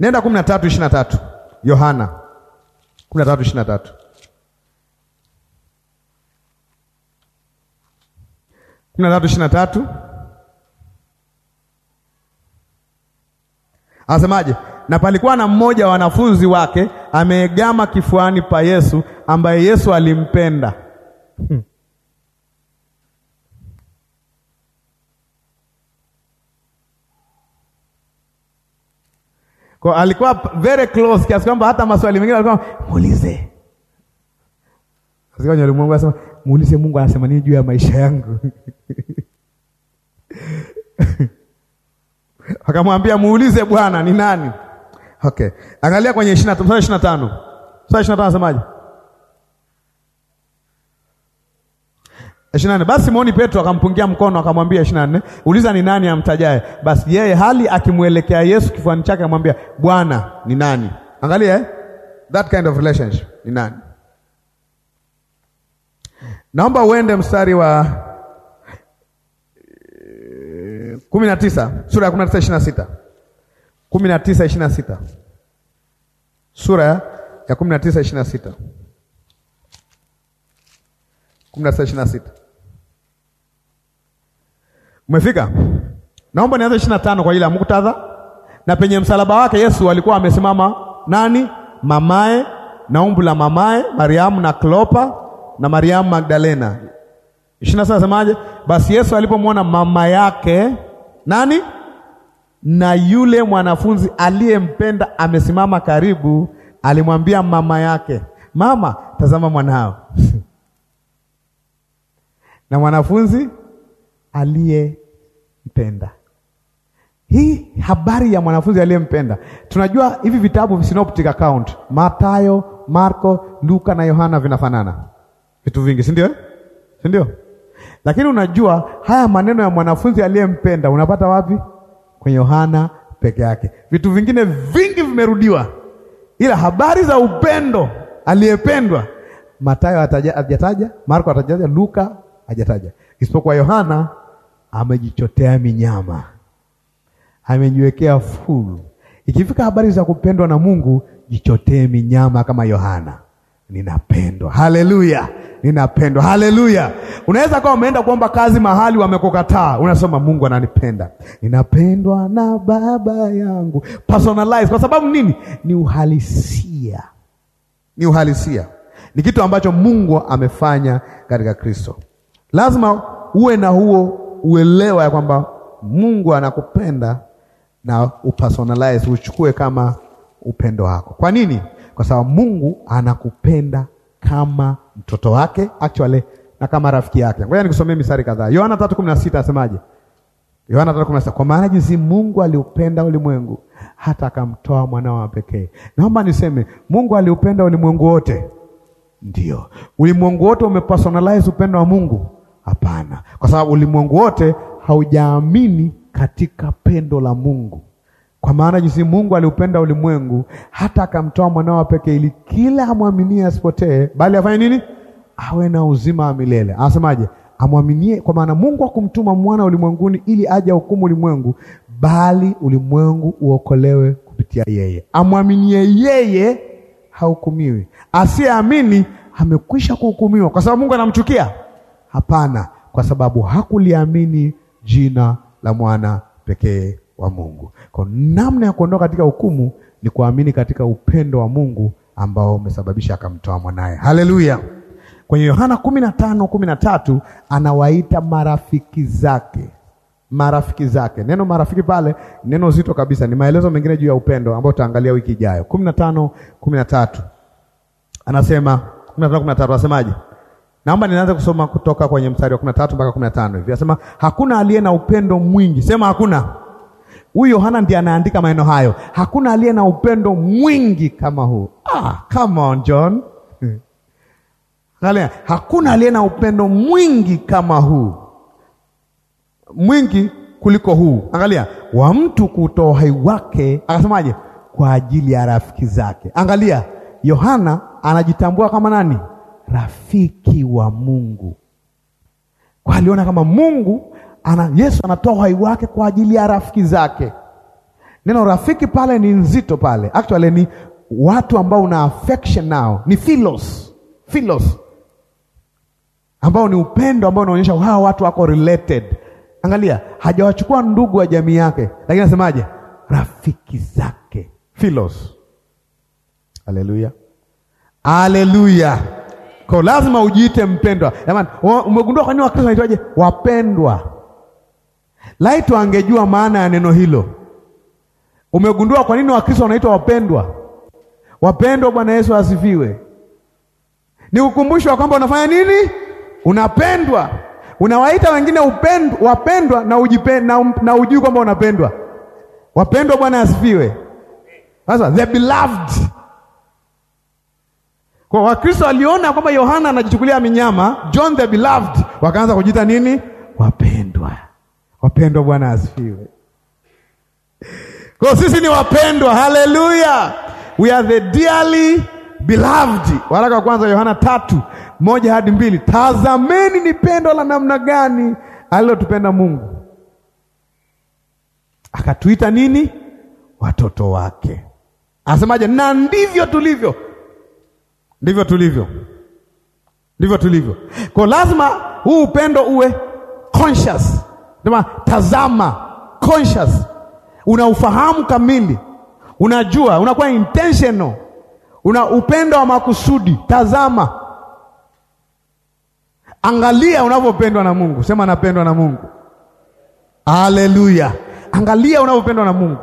Nenda kumi na tatu ishirini na tatu Yohana kumi na tatu ishirini na tatu kumi na tatu ishirini na tatu Na palikuwa na mmoja wa wanafunzi wake ameegama kifuani pa Yesu, ambaye Yesu alimpenda hmm. Kwa alikuwa very close kiasi kwamba hata maswali mengine alikuwa muulize katika Mungu asema muulize Mungu anasema nini juu ya maisha yangu. [LAUGHS] Akamwambia muulize Bwana ni nani? Okay. Angalia kwenye 25, mstari 25. Mstari 25 anasemaje? nne Basi Simoni Petro akampungia mkono akamwambia 24, uliza ni nani amtajaye. Basi yeye hali akimwelekea Yesu kifuani chake akamwambia Bwana ni nani? Angalia eh? That kind of relationship ni nani? Naomba uende mstari wa eh, kumi na tisa sura ya kumi na tisa ishirini na sita kumi na tisa ishirini na sita sura ya kumi na tisa ishirini na sita kumi na tisa ishirini na sita Umefika? Naomba nianze ishirini na tano kwa ajili ya muktadha. Na penye msalaba wake Yesu alikuwa amesimama nani? Mamae na umbu la mamae Mariamu na Klopa na Mariamu Magdalena. ishirini na saba nasemaje? Basi Yesu alipomwona mama yake nani na yule mwanafunzi aliyempenda amesimama karibu, alimwambia mama yake, mama, tazama mwanao. [LAUGHS] na mwanafunzi aliyempenda. Hii habari ya mwanafunzi aliyempenda, tunajua hivi vitabu synoptic account, matayo Marko, Luka na Yohana vinafanana vitu vingi, si ndio? Si ndio? Lakini unajua haya maneno ya mwanafunzi aliyempenda unapata wapi? Kwenye Yohana peke yake. Vitu vingine vingi vimerudiwa, ila habari za upendo aliyependwa Mathayo hajataja, Marko hajataja, Luka hajataja, isipokuwa Yohana amejichotea minyama, amejiwekea fulu. Ikifika habari za kupendwa na Mungu, jichotee minyama kama Yohana, ninapendwa. Haleluya! ninapendwa. Haleluya! Unaweza kuwa umeenda kuomba kazi mahali wamekukataa, unasema Mungu ananipenda, ninapendwa na baba yangu. Personalize. Kwa sababu nini? Ni uhalisia, ni uhalisia, ni kitu ambacho Mungu amefanya katika Kristo. Lazima uwe na huo uelewa ya kwamba Mungu anakupenda na upersonalize, uchukue kama upendo wako. Kwa nini? Kwa sababu Mungu anakupenda kama mtoto wake actually na kama rafiki yake. Ngoja nikusomee misari kadhaa. Yohana 3:16 asemaje? Yohana 3:16 kwa maana jinsi Mungu aliupenda ulimwengu hata akamtoa mwana wa pekee. Naomba niseme Mungu aliupenda ulimwengu wote. Ndio. Ulimwengu wote umepersonalize upendo wa Mungu? Hapana, kwa sababu ulimwengu wote haujaamini katika pendo la Mungu. Kwa maana jinsi Mungu aliupenda ulimwengu hata akamtoa mwanao pekee, ili kila amwaminie asipotee, bali afanye nini? Awe na uzima wa milele. Anasemaje? Amwaminie. Kwa maana Mungu hakumtuma mwana ulimwenguni ili aje hukumu ulimwengu, bali ulimwengu uokolewe kupitia yeye. Amwaminie yeye hahukumiwi, asiyeamini amekwisha kuhukumiwa. Kwa sababu Mungu anamchukia? Hapana, kwa sababu hakuliamini jina la mwana pekee wa Mungu. Kwa namna ya kuondoka katika hukumu ni kuamini katika upendo wa Mungu ambao umesababisha akamtoa mwanaye. Haleluya! Kwenye Yohana kumi na tano kumi na tatu anawaita marafiki zake, marafiki zake. Neno marafiki pale neno zito kabisa, ni maelezo mengine juu ya upendo ambao tutaangalia wiki ijayo. kumi na tano kumi na tatu anasema, kumi na tano kumi na tatu anasemaje? Naomba ninaanza kusoma kutoka kwenye mstari wa kumi na tatu mpaka kumi na tano hivi. Anasema hakuna aliye na upendo mwingi, sema hakuna Huyu Yohana ndiye anaandika maneno hayo, hakuna aliye na upendo mwingi kama huu. Ah, come on John. Hakuna aliye na upendo mwingi kama huu, mwingi kuliko huu. Angalia, wa mtu kutoa uhai wake, akasemaje? Kwa ajili ya rafiki zake. Angalia, Yohana anajitambua kama nani? Rafiki wa Mungu, kwa aliona kama Mungu ana Yesu anatoa uhai wake kwa ajili ya rafiki zake. Neno rafiki pale ni nzito pale, actually ni watu ambao una affection nao, ni philos, philos ambao ni upendo ambao unaonyesha hawa watu wako related. Angalia, hajawachukua ndugu wa jamii yake, lakini anasemaje? Rafiki zake, philos. Haleluya, haleluya. Kwa lazima ujiite mpendwa. Jamani, umegundua kwa nini Wakristo wanaitwaje wapendwa? Laiti angejua maana ya neno hilo. Umegundua kwa nini Wakristo wanaitwa wapendwa? Wapendwa, Bwana Yesu asifiwe. Ni ukumbusho kwamba unafanya nini? Unapendwa. Unawaita wengine upendwa, wapendwa na ujipe, na, um-, na ujui kwamba unapendwa. Wapendwa, Bwana asifiwe. Sasa the beloved. Kwa Wakristo waliona kwamba Yohana anajichukulia minyama, John the beloved, wakaanza kujita nini? Wapendwa. Wapendwa, Bwana asifiwe. Kwa sisi ni wapendwa, haleluya. We are the dearly beloved. Waraka wa kwanza Yohana tatu moja hadi mbili. Tazameni ni pendo la namna gani alilotupenda Mungu akatuita nini? Watoto wake. Anasemaje? Na ndivyo tulivyo, ndivyo tulivyo, ndivyo tulivyo. Kwa lazima huu upendo uwe conscious Sema tazama, conscious, una ufahamu kamili, unajua, unakuwa intentional, una upendo wa makusudi. Tazama, angalia unavyopendwa na Mungu. Sema napendwa na Mungu. Haleluya! Angalia unavyopendwa na Mungu.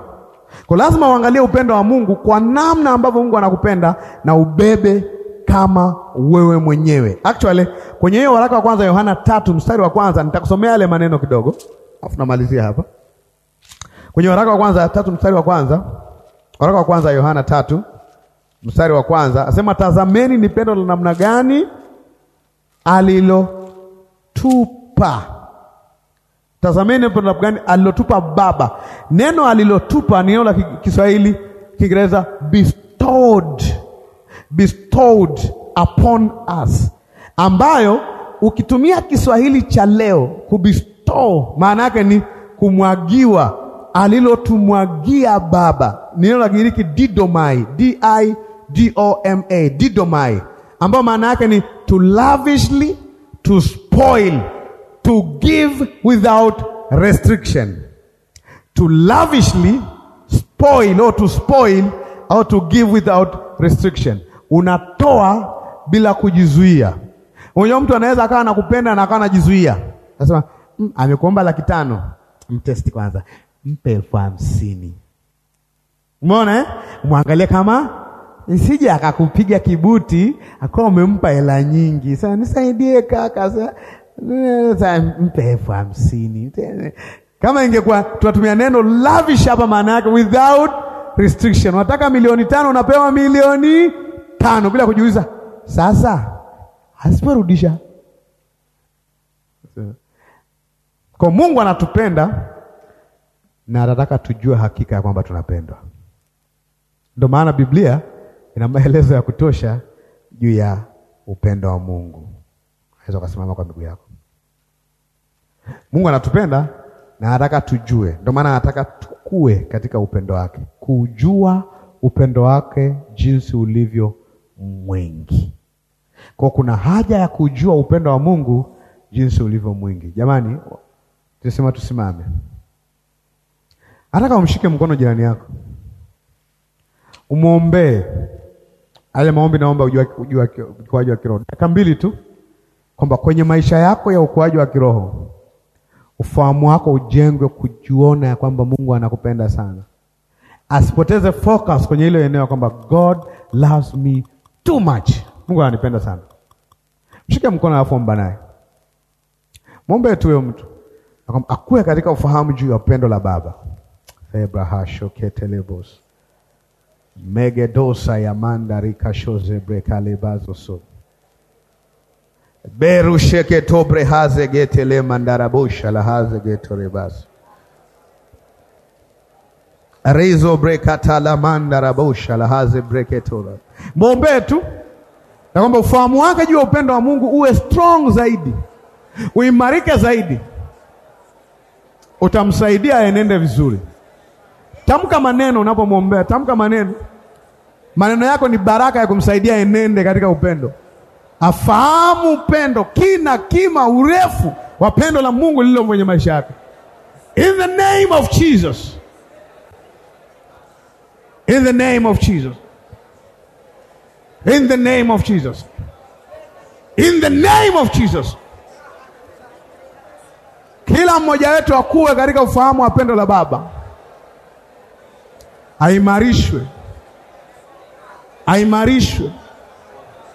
Kwa lazima uangalie upendo wa Mungu kwa namna ambavyo Mungu anakupenda na ubebe kama wewe mwenyewe. Actually, kwenye hiyo waraka wa kwanza Yohana tatu mstari wa kwanza nitakusomea yale maneno kidogo, afu namalizia hapa kwenye waraka wa kwanza tatu mstari wa kwanza waraka wa kwanza Yohana tatu mstari wa kwanza asema, tazameni ni pendo la namna gani alilotupa. Tazameni ni pendo la namna gani alilotupa Baba. Neno alilotupa ni neno la Kiswahili, Kiingereza bestowed bestowed upon us, ambayo ukitumia Kiswahili cha leo kubestow, maana yake ni kumwagiwa, alilotumwagia Baba. Neno la Kigiriki didomai, d i d o m a, didomai, ambayo maana yake ni to lavishly, to spoil, to give without restriction, to lavishly spoil or to spoil or to give without restriction unatoa bila kujizuia. Mwenye mtu anaweza akawa anakupenda na akawa anajizuia, anasema mm, amekuomba laki tano, mtesti kwanza, mpe elfu hamsini. Umeona eh? Mwangalie kama sije akakupiga kibuti, akawa umempa hela nyingi. Sasa nisaidie kaka, sasa mpe elfu hamsini. Kama ingekuwa tunatumia neno lavish hapa, maana yake without restriction. Unataka milioni tano, unapewa milioni tano bila kujiuliza, sasa asiporudisha. Kwa Mungu anatupenda na anataka tujue hakika ya kwamba tunapendwa. Ndio maana Biblia ina maelezo ya kutosha juu ya upendo wa Mungu. Unaweza ukasimama kwa miguu yako. Mungu anatupenda na anataka tujue, ndio maana anataka tukue katika upendo wake, kujua upendo wake jinsi ulivyo mwingi. Kwa kuna haja ya kujua upendo wa Mungu jinsi ulivyo mwingi. Jamani, tunasema tusimame. Hata kama umshike mkono jirani yako, umwombee ale maombi, naomba ukuaji wa kiroho, dakika mbili tu, kwamba kwenye maisha yako ya ukuaji wa kiroho ufahamu wako ujengwe kujiona ya kwamba Mungu anakupenda sana, asipoteze focus kwenye hilo eneo kwamba God loves me too much. Mungu ananipenda sana. Mshike mkono alafu mba naye. Muombe tuwe mtu akuwe katika ufahamu juu ya upendo la Baba. Febrahashoketelebos megedosa ya so mandarabosha berusheketobrehazegetelemandaraboshalahazegetorebas rizo brekatalamandarabaushalahazebreketora mwombee tu na kwamba ufahamu wake juu ya upendo wa Mungu uwe strong zaidi, uimarike zaidi, utamsaidia aenende vizuri. Tamka maneno unapomwombea, tamka maneno. Maneno yako ni baraka ya kumsaidia enende katika upendo, afahamu upendo, kina, kima, urefu wa pendo la Mungu lililo kwenye maisha yake, in the name of Jesus. In the name of Jesus. In the name of Jesus. In the name of Jesus. Kila mmoja wetu akuwe katika ufahamu wa pendo la Baba, aimarishwe, aimarishwe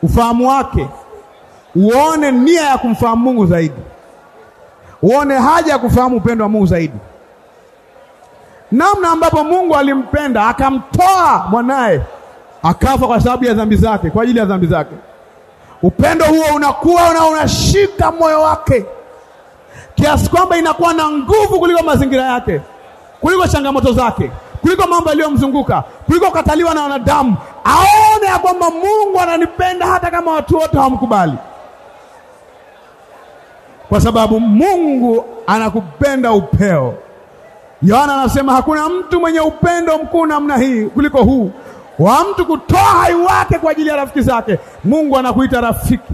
ufahamu wake, uone nia ya kumfahamu Mungu zaidi, uone haja ya kufahamu upendo wa Mungu zaidi namna ambapo Mungu alimpenda akamtoa mwanaye akafa kwa sababu ya dhambi zake, kwa ajili ya dhambi zake. Upendo huo unakuwa na unashika moyo wake kiasi kwamba inakuwa na nguvu kuliko mazingira yake, kuliko changamoto zake, kuliko mambo yaliyomzunguka, kuliko kukataliwa na wanadamu. Aone ya kwamba Mungu ananipenda hata kama watu wote hawamkubali, kwa sababu Mungu anakupenda upeo. Yohana anasema hakuna mtu mwenye upendo mkuu namna hii kuliko huu wa mtu kutoa hai wake kwa ajili ya rafiki zake. Mungu anakuita rafiki.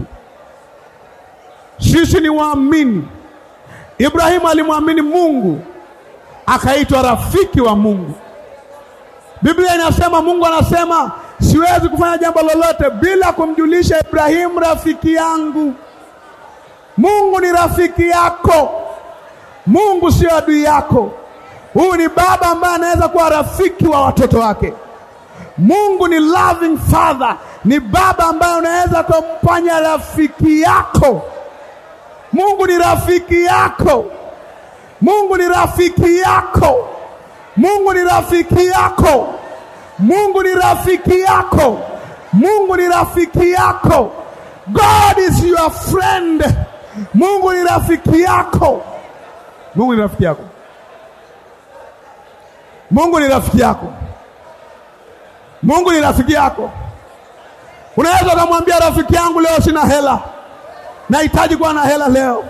Sisi ni waamini. Ibrahimu alimwamini Mungu akaitwa rafiki wa Mungu. Biblia inasema Mungu anasema siwezi kufanya jambo lolote bila kumjulisha Ibrahimu rafiki yangu. Mungu ni rafiki yako. Mungu sio adui yako. Huyu ni baba ambaye anaweza kuwa rafiki wa watoto wake. Mungu ni loving father, ni baba ambaye unaweza kumfanya rafiki yako. Mungu ni rafiki yako. Mungu ni rafiki yako. Mungu ni rafiki yako. Mungu ni rafiki yako. Mungu ni rafiki yako. God is your friend. Mungu ni rafiki yako. Mungu ni rafiki yako. Mungu ni rafiki yako. Mungu ni rafiki yako. Unaweza ukamwambia rafiki yangu, leo sina hela, nahitaji kuwa na hela leo.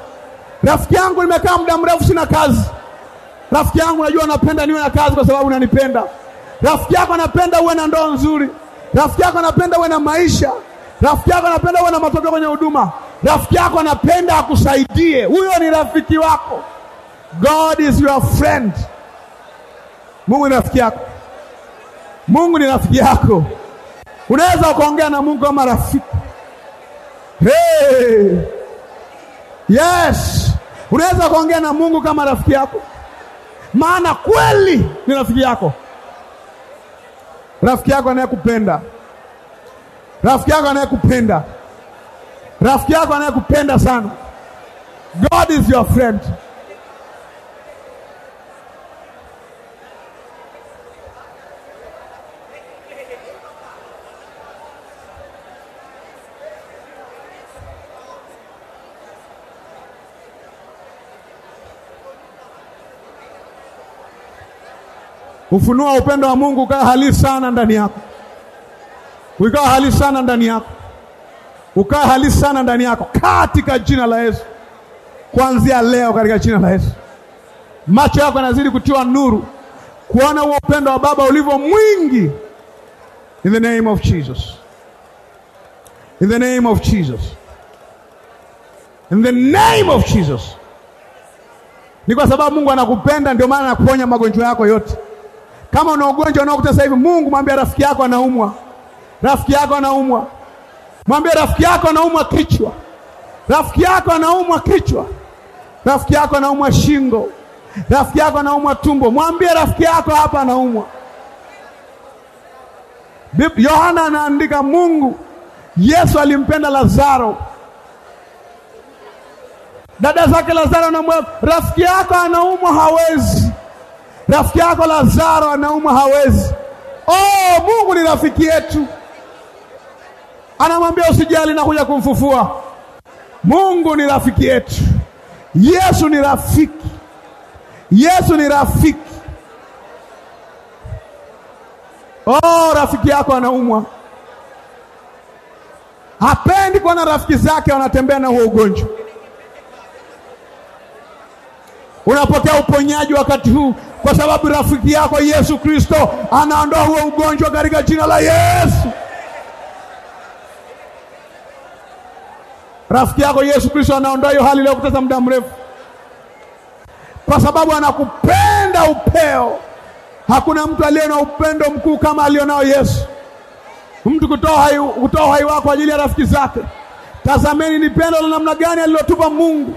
Rafiki yangu, nimekaa muda mrefu, sina kazi. Rafiki yangu, najua unapenda niwe na kazi kwa sababu unanipenda. Rafiki yako anapenda uwe na ndoa nzuri. Rafiki yako anapenda uwe na maisha. Rafiki yako anapenda uwe na matokeo kwenye huduma. Rafiki yako anapenda akusaidie. Huyo ni rafiki wako. God is your friend. Mungu ni rafiki yako. Mungu ni rafiki yako. Unaweza ukaongea na Mungu kama rafiki. Hey. Yes. Unaweza ukaongea na Mungu kama rafiki yako, maana kweli ni rafiki yako, rafiki yako anayekupenda, rafiki yako anayekupenda, rafiki yako anayekupenda sana. God is your friend. Ufunua upendo wa Mungu ukawe halisi sana ndani yako, ukawa halisi sana ndani yako, ukawe halisi sana ndani yako, katika jina la Yesu, kuanzia leo, katika jina la Yesu. Macho yako yanazidi kutiwa nuru, kuona huo upendo wa Baba ulivyo mwingi, in the name of Jesus, in the name of Jesus, in the name of Jesus. Ni kwa sababu Mungu anakupenda, ndio maana anakuponya magonjwa yako yote. Kama una ugonjwa unaokuta sasa hivi, Mungu mwambie rafiki yako anaumwa, rafiki yako anaumwa, mwambie rafiki yako anaumwa kichwa, rafiki yako anaumwa kichwa, rafiki yako anaumwa shingo, rafiki yako anaumwa tumbo, mwambie rafiki yako hapa anaumwa. Yohana anaandika, Mungu Yesu alimpenda Lazaro, dada zake Lazaro, anamwambia rafiki yako anaumwa, hawezi Rafiki yako Lazaro anaumwa, hawezi. Oh, Mungu ni rafiki yetu, anamwambia usijali, nakuja kumfufua. Mungu ni rafiki yetu. Yesu ni rafiki. Yesu ni rafiki. Oh, rafiki yako anaumwa, hapendi kuona rafiki zake wanatembea na huo ugonjwa. Unapokea uponyaji wakati huu kwa sababu rafiki yako Yesu Kristo anaondoa huo ugonjwa katika jina la Yesu. Rafiki yako Yesu Kristo anaondoa hiyo hali leo muda mrefu, kwa sababu anakupenda upeo. Hakuna mtu aliye na upendo mkuu kama alionao Yesu, mtu kutoa hai, kutoa uhai wako kwa ajili ya rafiki zake. Tazameni ni pendo la namna gani alilotupa Mungu.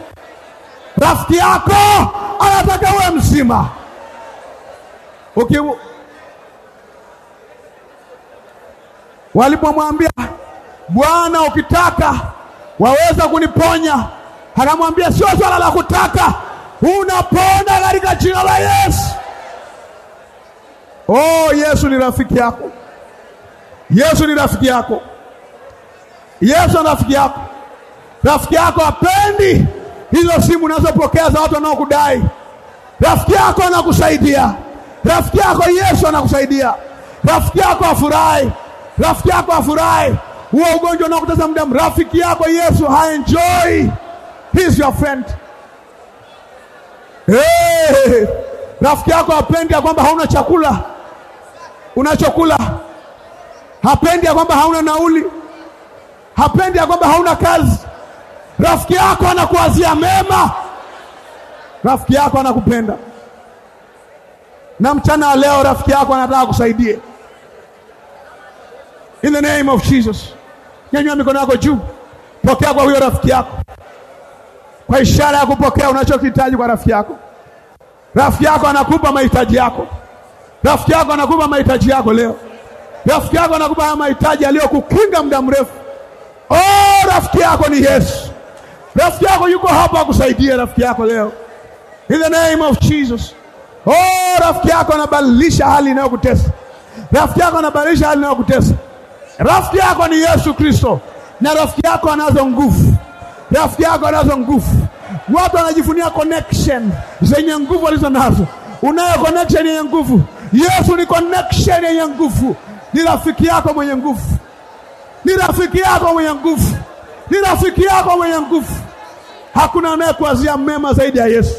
Rafiki yako anataka uwe mzima. Uki... walipomwambia Bwana, ukitaka waweza kuniponya, akamwambia sio swala la kutaka, unapona katika jina la Yesu. Oh, Yesu ni rafiki yako. Yesu ni rafiki yako. Yesu ni rafiki yako. Rafiki yako hapendi hizo simu unazopokea za watu wanaokudai. Rafiki yako anakusaidia. Rafiki yako Yesu anakusaidia, rafiki yako afurahi, rafiki yako afurahi. Huo ugonjwa unaokutesa muda, rafiki yako Yesu haenjoy, he is your friend. Hey, rafiki yako hapendi ya kwamba hauna chakula unachokula, hapendi ya kwamba hauna nauli, hapendi ya kwamba hauna kazi. Rafiki yako anakuwazia mema, rafiki yako anakupenda na mchana wa leo rafiki yako anataka kusaidie. In the name of Jesus, nyanyua mikono yako juu, pokea kwa huyo rafiki yako, kwa ishara ya kupokea unachokihitaji kwa rafiki yako. Rafiki yako anakupa mahitaji yako, rafiki yako anakupa mahitaji yako leo, rafiki yako anakupa haya mahitaji aliyokukinga muda mrefu. Oh, rafiki yako ni Yesu. Rafiki yako yuko hapa akusaidie, rafiki yako leo, in the name of Jesus. Oh, rafiki yako anabadilisha hali inayokutesa. Rafiki yako anabadilisha hali inayokutesa. Rafiki yako ni Yesu Kristo, na rafiki yako anazo nguvu. Rafiki yako anazo nguvu. Watu wanajifunia connection zenye nguvu walizo nazo. Unayo connection yenye nguvu. Yesu ni connection yenye nguvu. Ni rafiki yako mwenye nguvu. Ni rafiki yako mwenye nguvu. Ni rafiki yako mwenye nguvu. Hakuna anayekuwazia mema zaidi ya Yesu.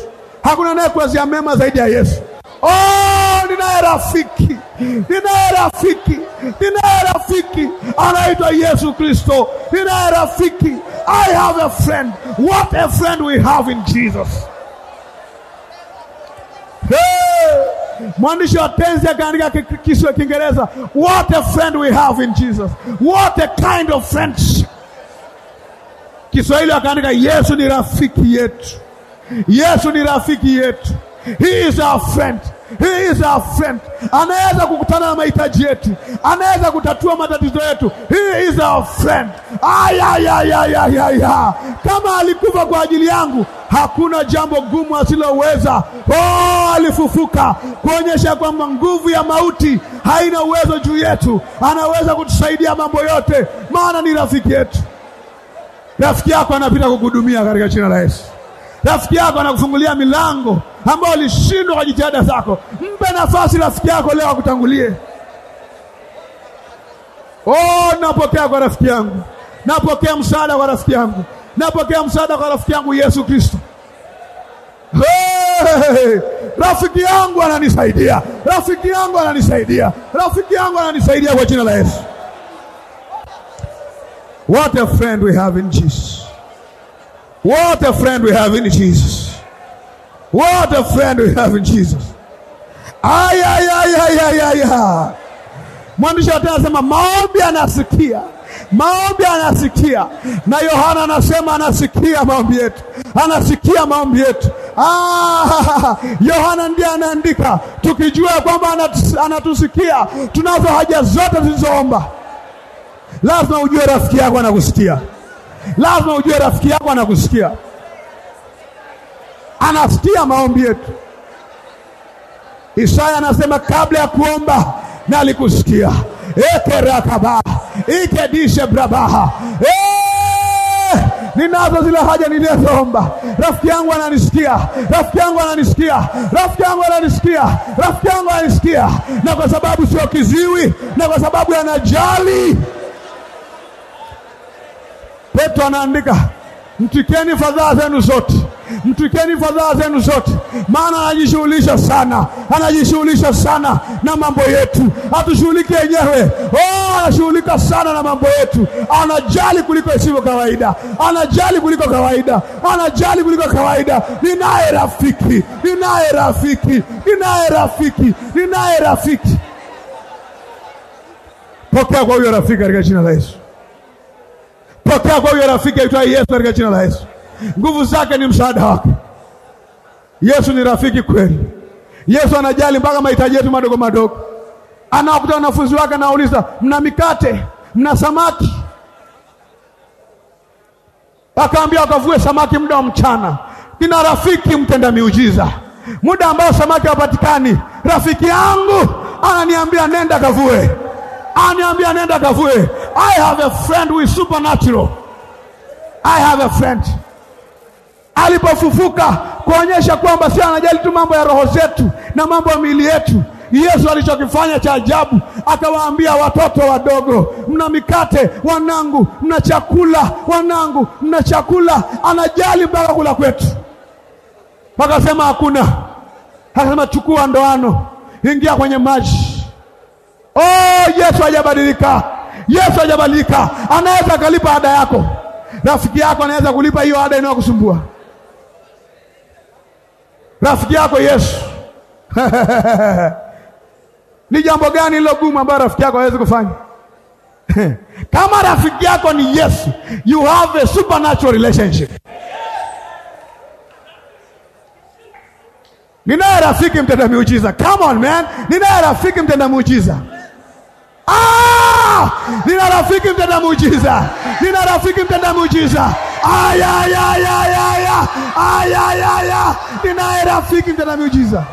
Hakuna naye kuwazia mema zaidi ya Yesu. Oh, ninaye rafiki, ninaye rafiki, ninaye rafiki anaitwa Yesu Kristo. Ninaye rafiki. I have a friend. What a friend we have in Jesus. Hey! Mwandishi wa tenzi akaandika kiswa Kiingereza, what a friend we have in Jesus, what a kind of friendship. Kiswahili akaandika Yesu ni rafiki yetu. Yesu ni rafiki yetu. He is our friend. He is our friend. Anaweza kukutana na mahitaji yetu, anaweza kutatua matatizo yetu. He is our friend. Ayayayayaya, kama alikufa kwa ajili yangu, hakuna jambo gumu asiloweza. Oh, alifufuka kuonyesha kwamba nguvu ya mauti haina uwezo juu yetu. Anaweza kutusaidia mambo yote, maana ni rafiki yetu. Rafiki yako anapita kukuhudumia katika jina la Yesu. Rafiki yako anakufungulia milango ambayo ulishindwa kwa jitihada zako. Mpe nafasi rafiki yako leo akutangulie. Oh, napokea kwa rafiki yangu, napokea msaada kwa rafiki yangu, napokea msaada kwa rafiki yangu Yesu Kristo. Hey, rafiki yangu ananisaidia, rafiki yangu ananisaidia, rafiki yangu ananisaidia kwa jina la Yesu. What a friend we have in Jesus. What a friend we have in Jesus. What a friend we have in Jesus. Ay, ay, ay, ay, ay, ay, ay. Mwandishi wa Mathayo anasema maombi anasikia, maombi anasikia, na Yohana anasema anasikia maombi yetu, anasikia maombi yetu. Ah, [LAUGHS] Yohana ndiye anaandika tukijua kwamba anatus, anatusikia tunazo haja zote zilizoomba Lazima ujue rafiki yako anakusikia. Lazima ujue rafiki yako anakusikia, anasikia maombi yetu. Isaya anasema kabla ya kuomba nalikusikia, ekerakaba ikedishe brabaha eh, Ninazo zile haja nilizoomba, rafiki yangu ananisikia, rafiki yangu ananisikia, rafiki yangu ananisikia, rafiki yangu ananisikia, na kwa sababu sio kiziwi, na kwa sababu anajali. Petro anaandika mtikeni fadhaa zenu zote, mtikeni fadhaa zenu zote, maana anajishughulisha sana, anajishughulisha sana na mambo yetu, hatushughuliki yenyewe. Oh, anashughulika sana na mambo yetu, anajali kuliko isivyo kawaida, anajali kuliko kawaida, anajali kuliko kawaida. Ninaye rafiki, ninaye rafiki, ninaye rafiki, ninaye rafiki. Pokea kwa huyo rafiki katika jina la Yesu. Pokea kwa huyo rafiki aitwa Yesu katika jina la Yesu. Nguvu zake ni msaada wake. Yesu ni rafiki kweli. Yesu anajali mpaka mahitaji yetu madogo madogo. Anawakuta wanafunzi wake, anawauliza mna mikate, mna samaki? Akaambia wakavue samaki muda wa mchana. nina rafiki mtenda miujiza, muda ambao samaki hawapatikani, rafiki yangu ananiambia nenda kavue Aniambia nenda kavue. I have a friend who is supernatural. I have a friend. Alipofufuka kuonyesha kwamba si anajali tu mambo ya roho zetu na mambo ya miili yetu. Yesu alichokifanya cha ajabu, akawaambia watoto wadogo, mna mikate wanangu, mna chakula wanangu, mna chakula. Anajali mpaka kula kwetu. Wakasema hakuna. Akasema chukua ndoano, ingia kwenye maji Oh, Yesu hajabadilika. Yesu hajabadilika, anaweza akalipa ada yako. Rafiki yako anaweza kulipa hiyo ada inayokusumbua rafiki yako Yesu. [LAUGHS] Ni jambo gani lilo gumu ambayo rafiki yako hawezi kufanya? [LAUGHS] Kama rafiki yako ni Yesu, you have a supernatural relationship. Ninaye rafiki mtenda miujiza. Come on man, ninaye rafiki mtenda miujiza. Ah! Nina rafiki mtenda muujiza, nina rafiki mtenda muujiza. Ayayayayaya, ayayaya, Nina rafiki mtenda muujiza.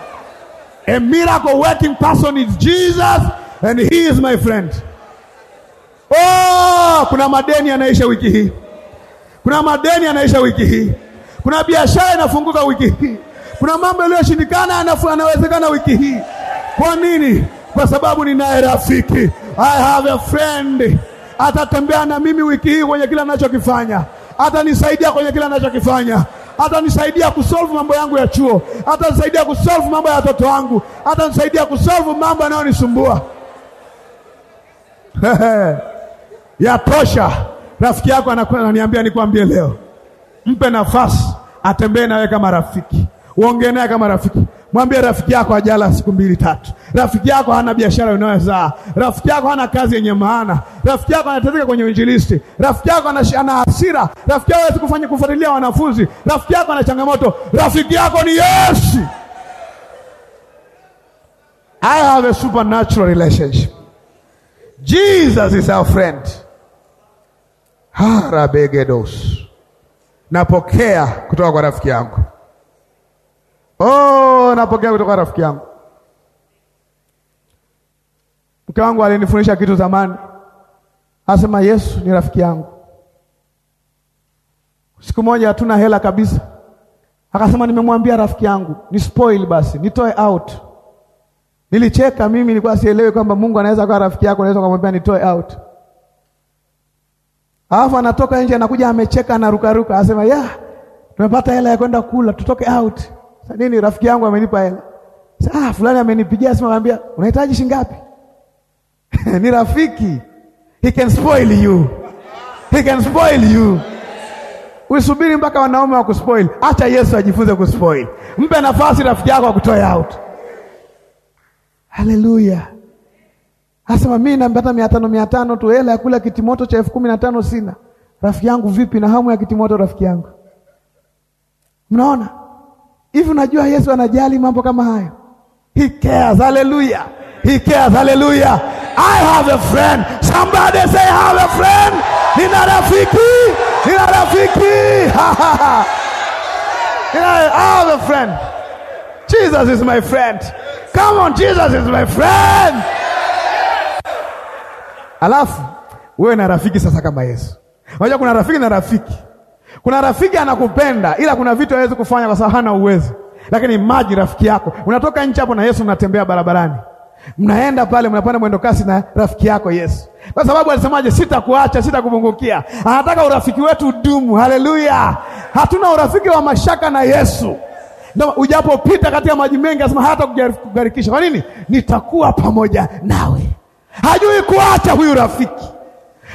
A miracle working person is Jesus and he is my friend. Oh, kuna madeni yanaisha wiki hii, kuna madeni yanaisha wiki hii, kuna biashara inafunguka wiki hii, kuna mambo yaliyoshindikana yanawezekana wiki hii. Kwa nini? Kwa sababu ninaye rafiki I have a friend. Atatembea na mimi wiki hii kwenye kila ninachokifanya, atanisaidia kwenye kila ninachokifanya, atanisaidia kusolve mambo yangu ya chuo, atanisaidia kusolve mambo ya watoto wangu, atanisaidia kusolve mambo yanayonisumbua. [LAUGHS] Yatosha. Rafiki yako ananiambia nikwambie leo, mpe nafasi atembee nawe kama rafiki. Uongee naye kama rafiki. Mwambie rafiki yako ajala siku mbili tatu. Rafiki yako hana biashara inayozaa. Rafiki yako hana kazi yenye maana. Rafiki yako anateseka kwenye uinjilisti. Rafiki yako ana hasira. Rafiki yako hawezi kufanya kufuatilia wanafunzi. Rafiki yako ana changamoto. Rafiki yako ni Yesu. I have a supernatural relationship. Jesus is our friend. Harabegedos. Napokea kutoka kwa rafiki yangu. Oh, napokea kutoka rafiki yangu. Mke wangu alinifundisha kitu zamani, asema Yesu ni rafiki yangu. Siku moja hatuna hela kabisa, akasema nimemwambia rafiki yangu ni spoil basi nitoe out. Nilicheka mimi, nilikuwa sielewi kwamba Mungu anaweza kuwa rafiki yako, anaweza kumwambia nitoe out, alafu anatoka nje anakuja amecheka, anarukaruka, asema ya tumepata hela ya kwenda kula, tutoke out sasa nini rafiki yangu amenipa hela. Sasa ah, fulani amenipigia simu anambia unahitaji shilingi ngapi? [LAUGHS] Ni rafiki. He can spoil you. He can spoil you. Usubiri mpaka wanaume wa kuspoil. Acha Yesu ajifunze kuspoil. Mpe nafasi rafiki yako akutoe out. Haleluya. Asema mimi napata mia tano mia tano tu, hela ya kula kitimoto cha elfu kumi na tano sina. Rafiki yangu vipi? Na hamu ya kitimoto rafiki yangu, mnaona Hivi unajua Yesu anajali mambo kama hayo? He cares. Hallelujah. He cares. Hallelujah. I have a friend. Somebody say I have a friend. Nina rafiki. Nina rafiki. I have a friend. Jesus is my friend. Come on, Jesus is my friend. Alafu wewe na rafiki sasa kama Yesu. Unajua kuna rafiki na rafiki. Kuna rafiki anakupenda, ila kuna vitu hawezi kufanya kwa sababu hana uwezo. Lakini maji rafiki yako, unatoka nchi hapo na Yesu mnatembea barabarani, mnaenda pale, mnapanda mwendo kasi na rafiki yako Yesu, kwa sababu alisemaje? Sitakuacha, sitakupungukia. Anataka urafiki wetu dumu. Haleluya! hatuna urafiki wa mashaka na Yesu. Ndio ujapopita ya maji mengi, asema hata kugarikisha. Kwa nini? Nitakuwa pamoja nawe. Hajui kuacha huyu rafiki.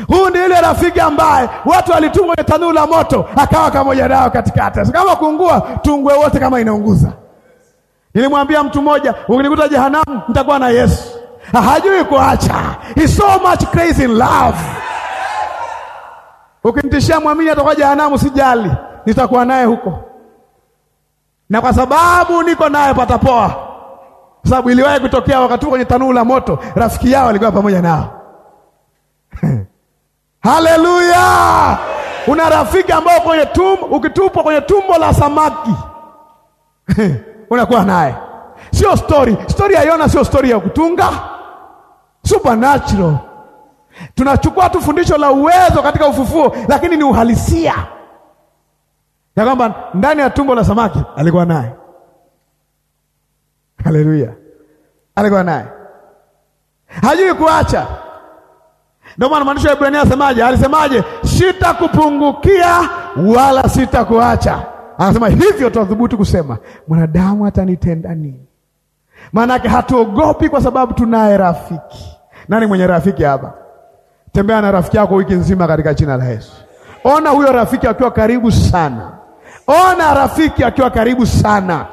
Huu ni ile rafiki ambaye watu walitumwa kwenye tanuru la moto, akawa pamoja nao katikati. Kama kuungua, tungwe wote kama inaunguza. Nilimwambia mtu mmoja, ukinikuta jehanamu, nitakuwa na Yesu. Ah, hajui kuacha. He so much crazy in love. Ukinitishia mwamini atakuwa jehanamu, sijali, nitakuwa naye huko, na kwa sababu niko naye patapoa, sababu iliwahi kutokea wakati kwenye tanuru la moto, rafiki yao alikuwa pamoja nao Haleluya! Una rafiki ambao kwenye tumbo, ukitupwa kwenye tumbo la samaki [LAUGHS] unakuwa naye. Sio stori, stori ya Yona sio stori ya kutunga, supernatural. Tunachukua tu fundisho la uwezo katika ufufuo, lakini ni uhalisia ya kwamba ndani ya tumbo la samaki alikuwa naye. Haleluya, alikuwa naye, hajui kuacha ndio maana ya Ibrania asemaje? Alisemaje? Sitakupungukia wala sitakuacha. Anasema hivyo twathubutu kusema mwanadamu atanitenda nini? yake hatuogopi kwa sababu tunaye rafiki. Nani mwenye rafiki hapa? Tembea na rafiki yako wiki nzima katika jina la Yesu. Ona huyo rafiki akiwa karibu sana. Ona rafiki akiwa karibu sana.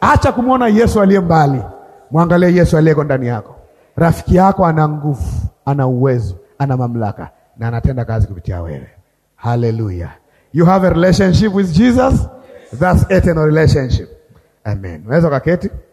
Acha kumwona Yesu aliye mbali, mwangalie Yesu aliyeko ndani yako. Rafiki yako ana nguvu, ana uwezo, ana mamlaka na anatenda kazi kupitia wewe. Haleluya! you have a relationship with Jesus That's eternal relationship. Amen. Unaweza kaketi.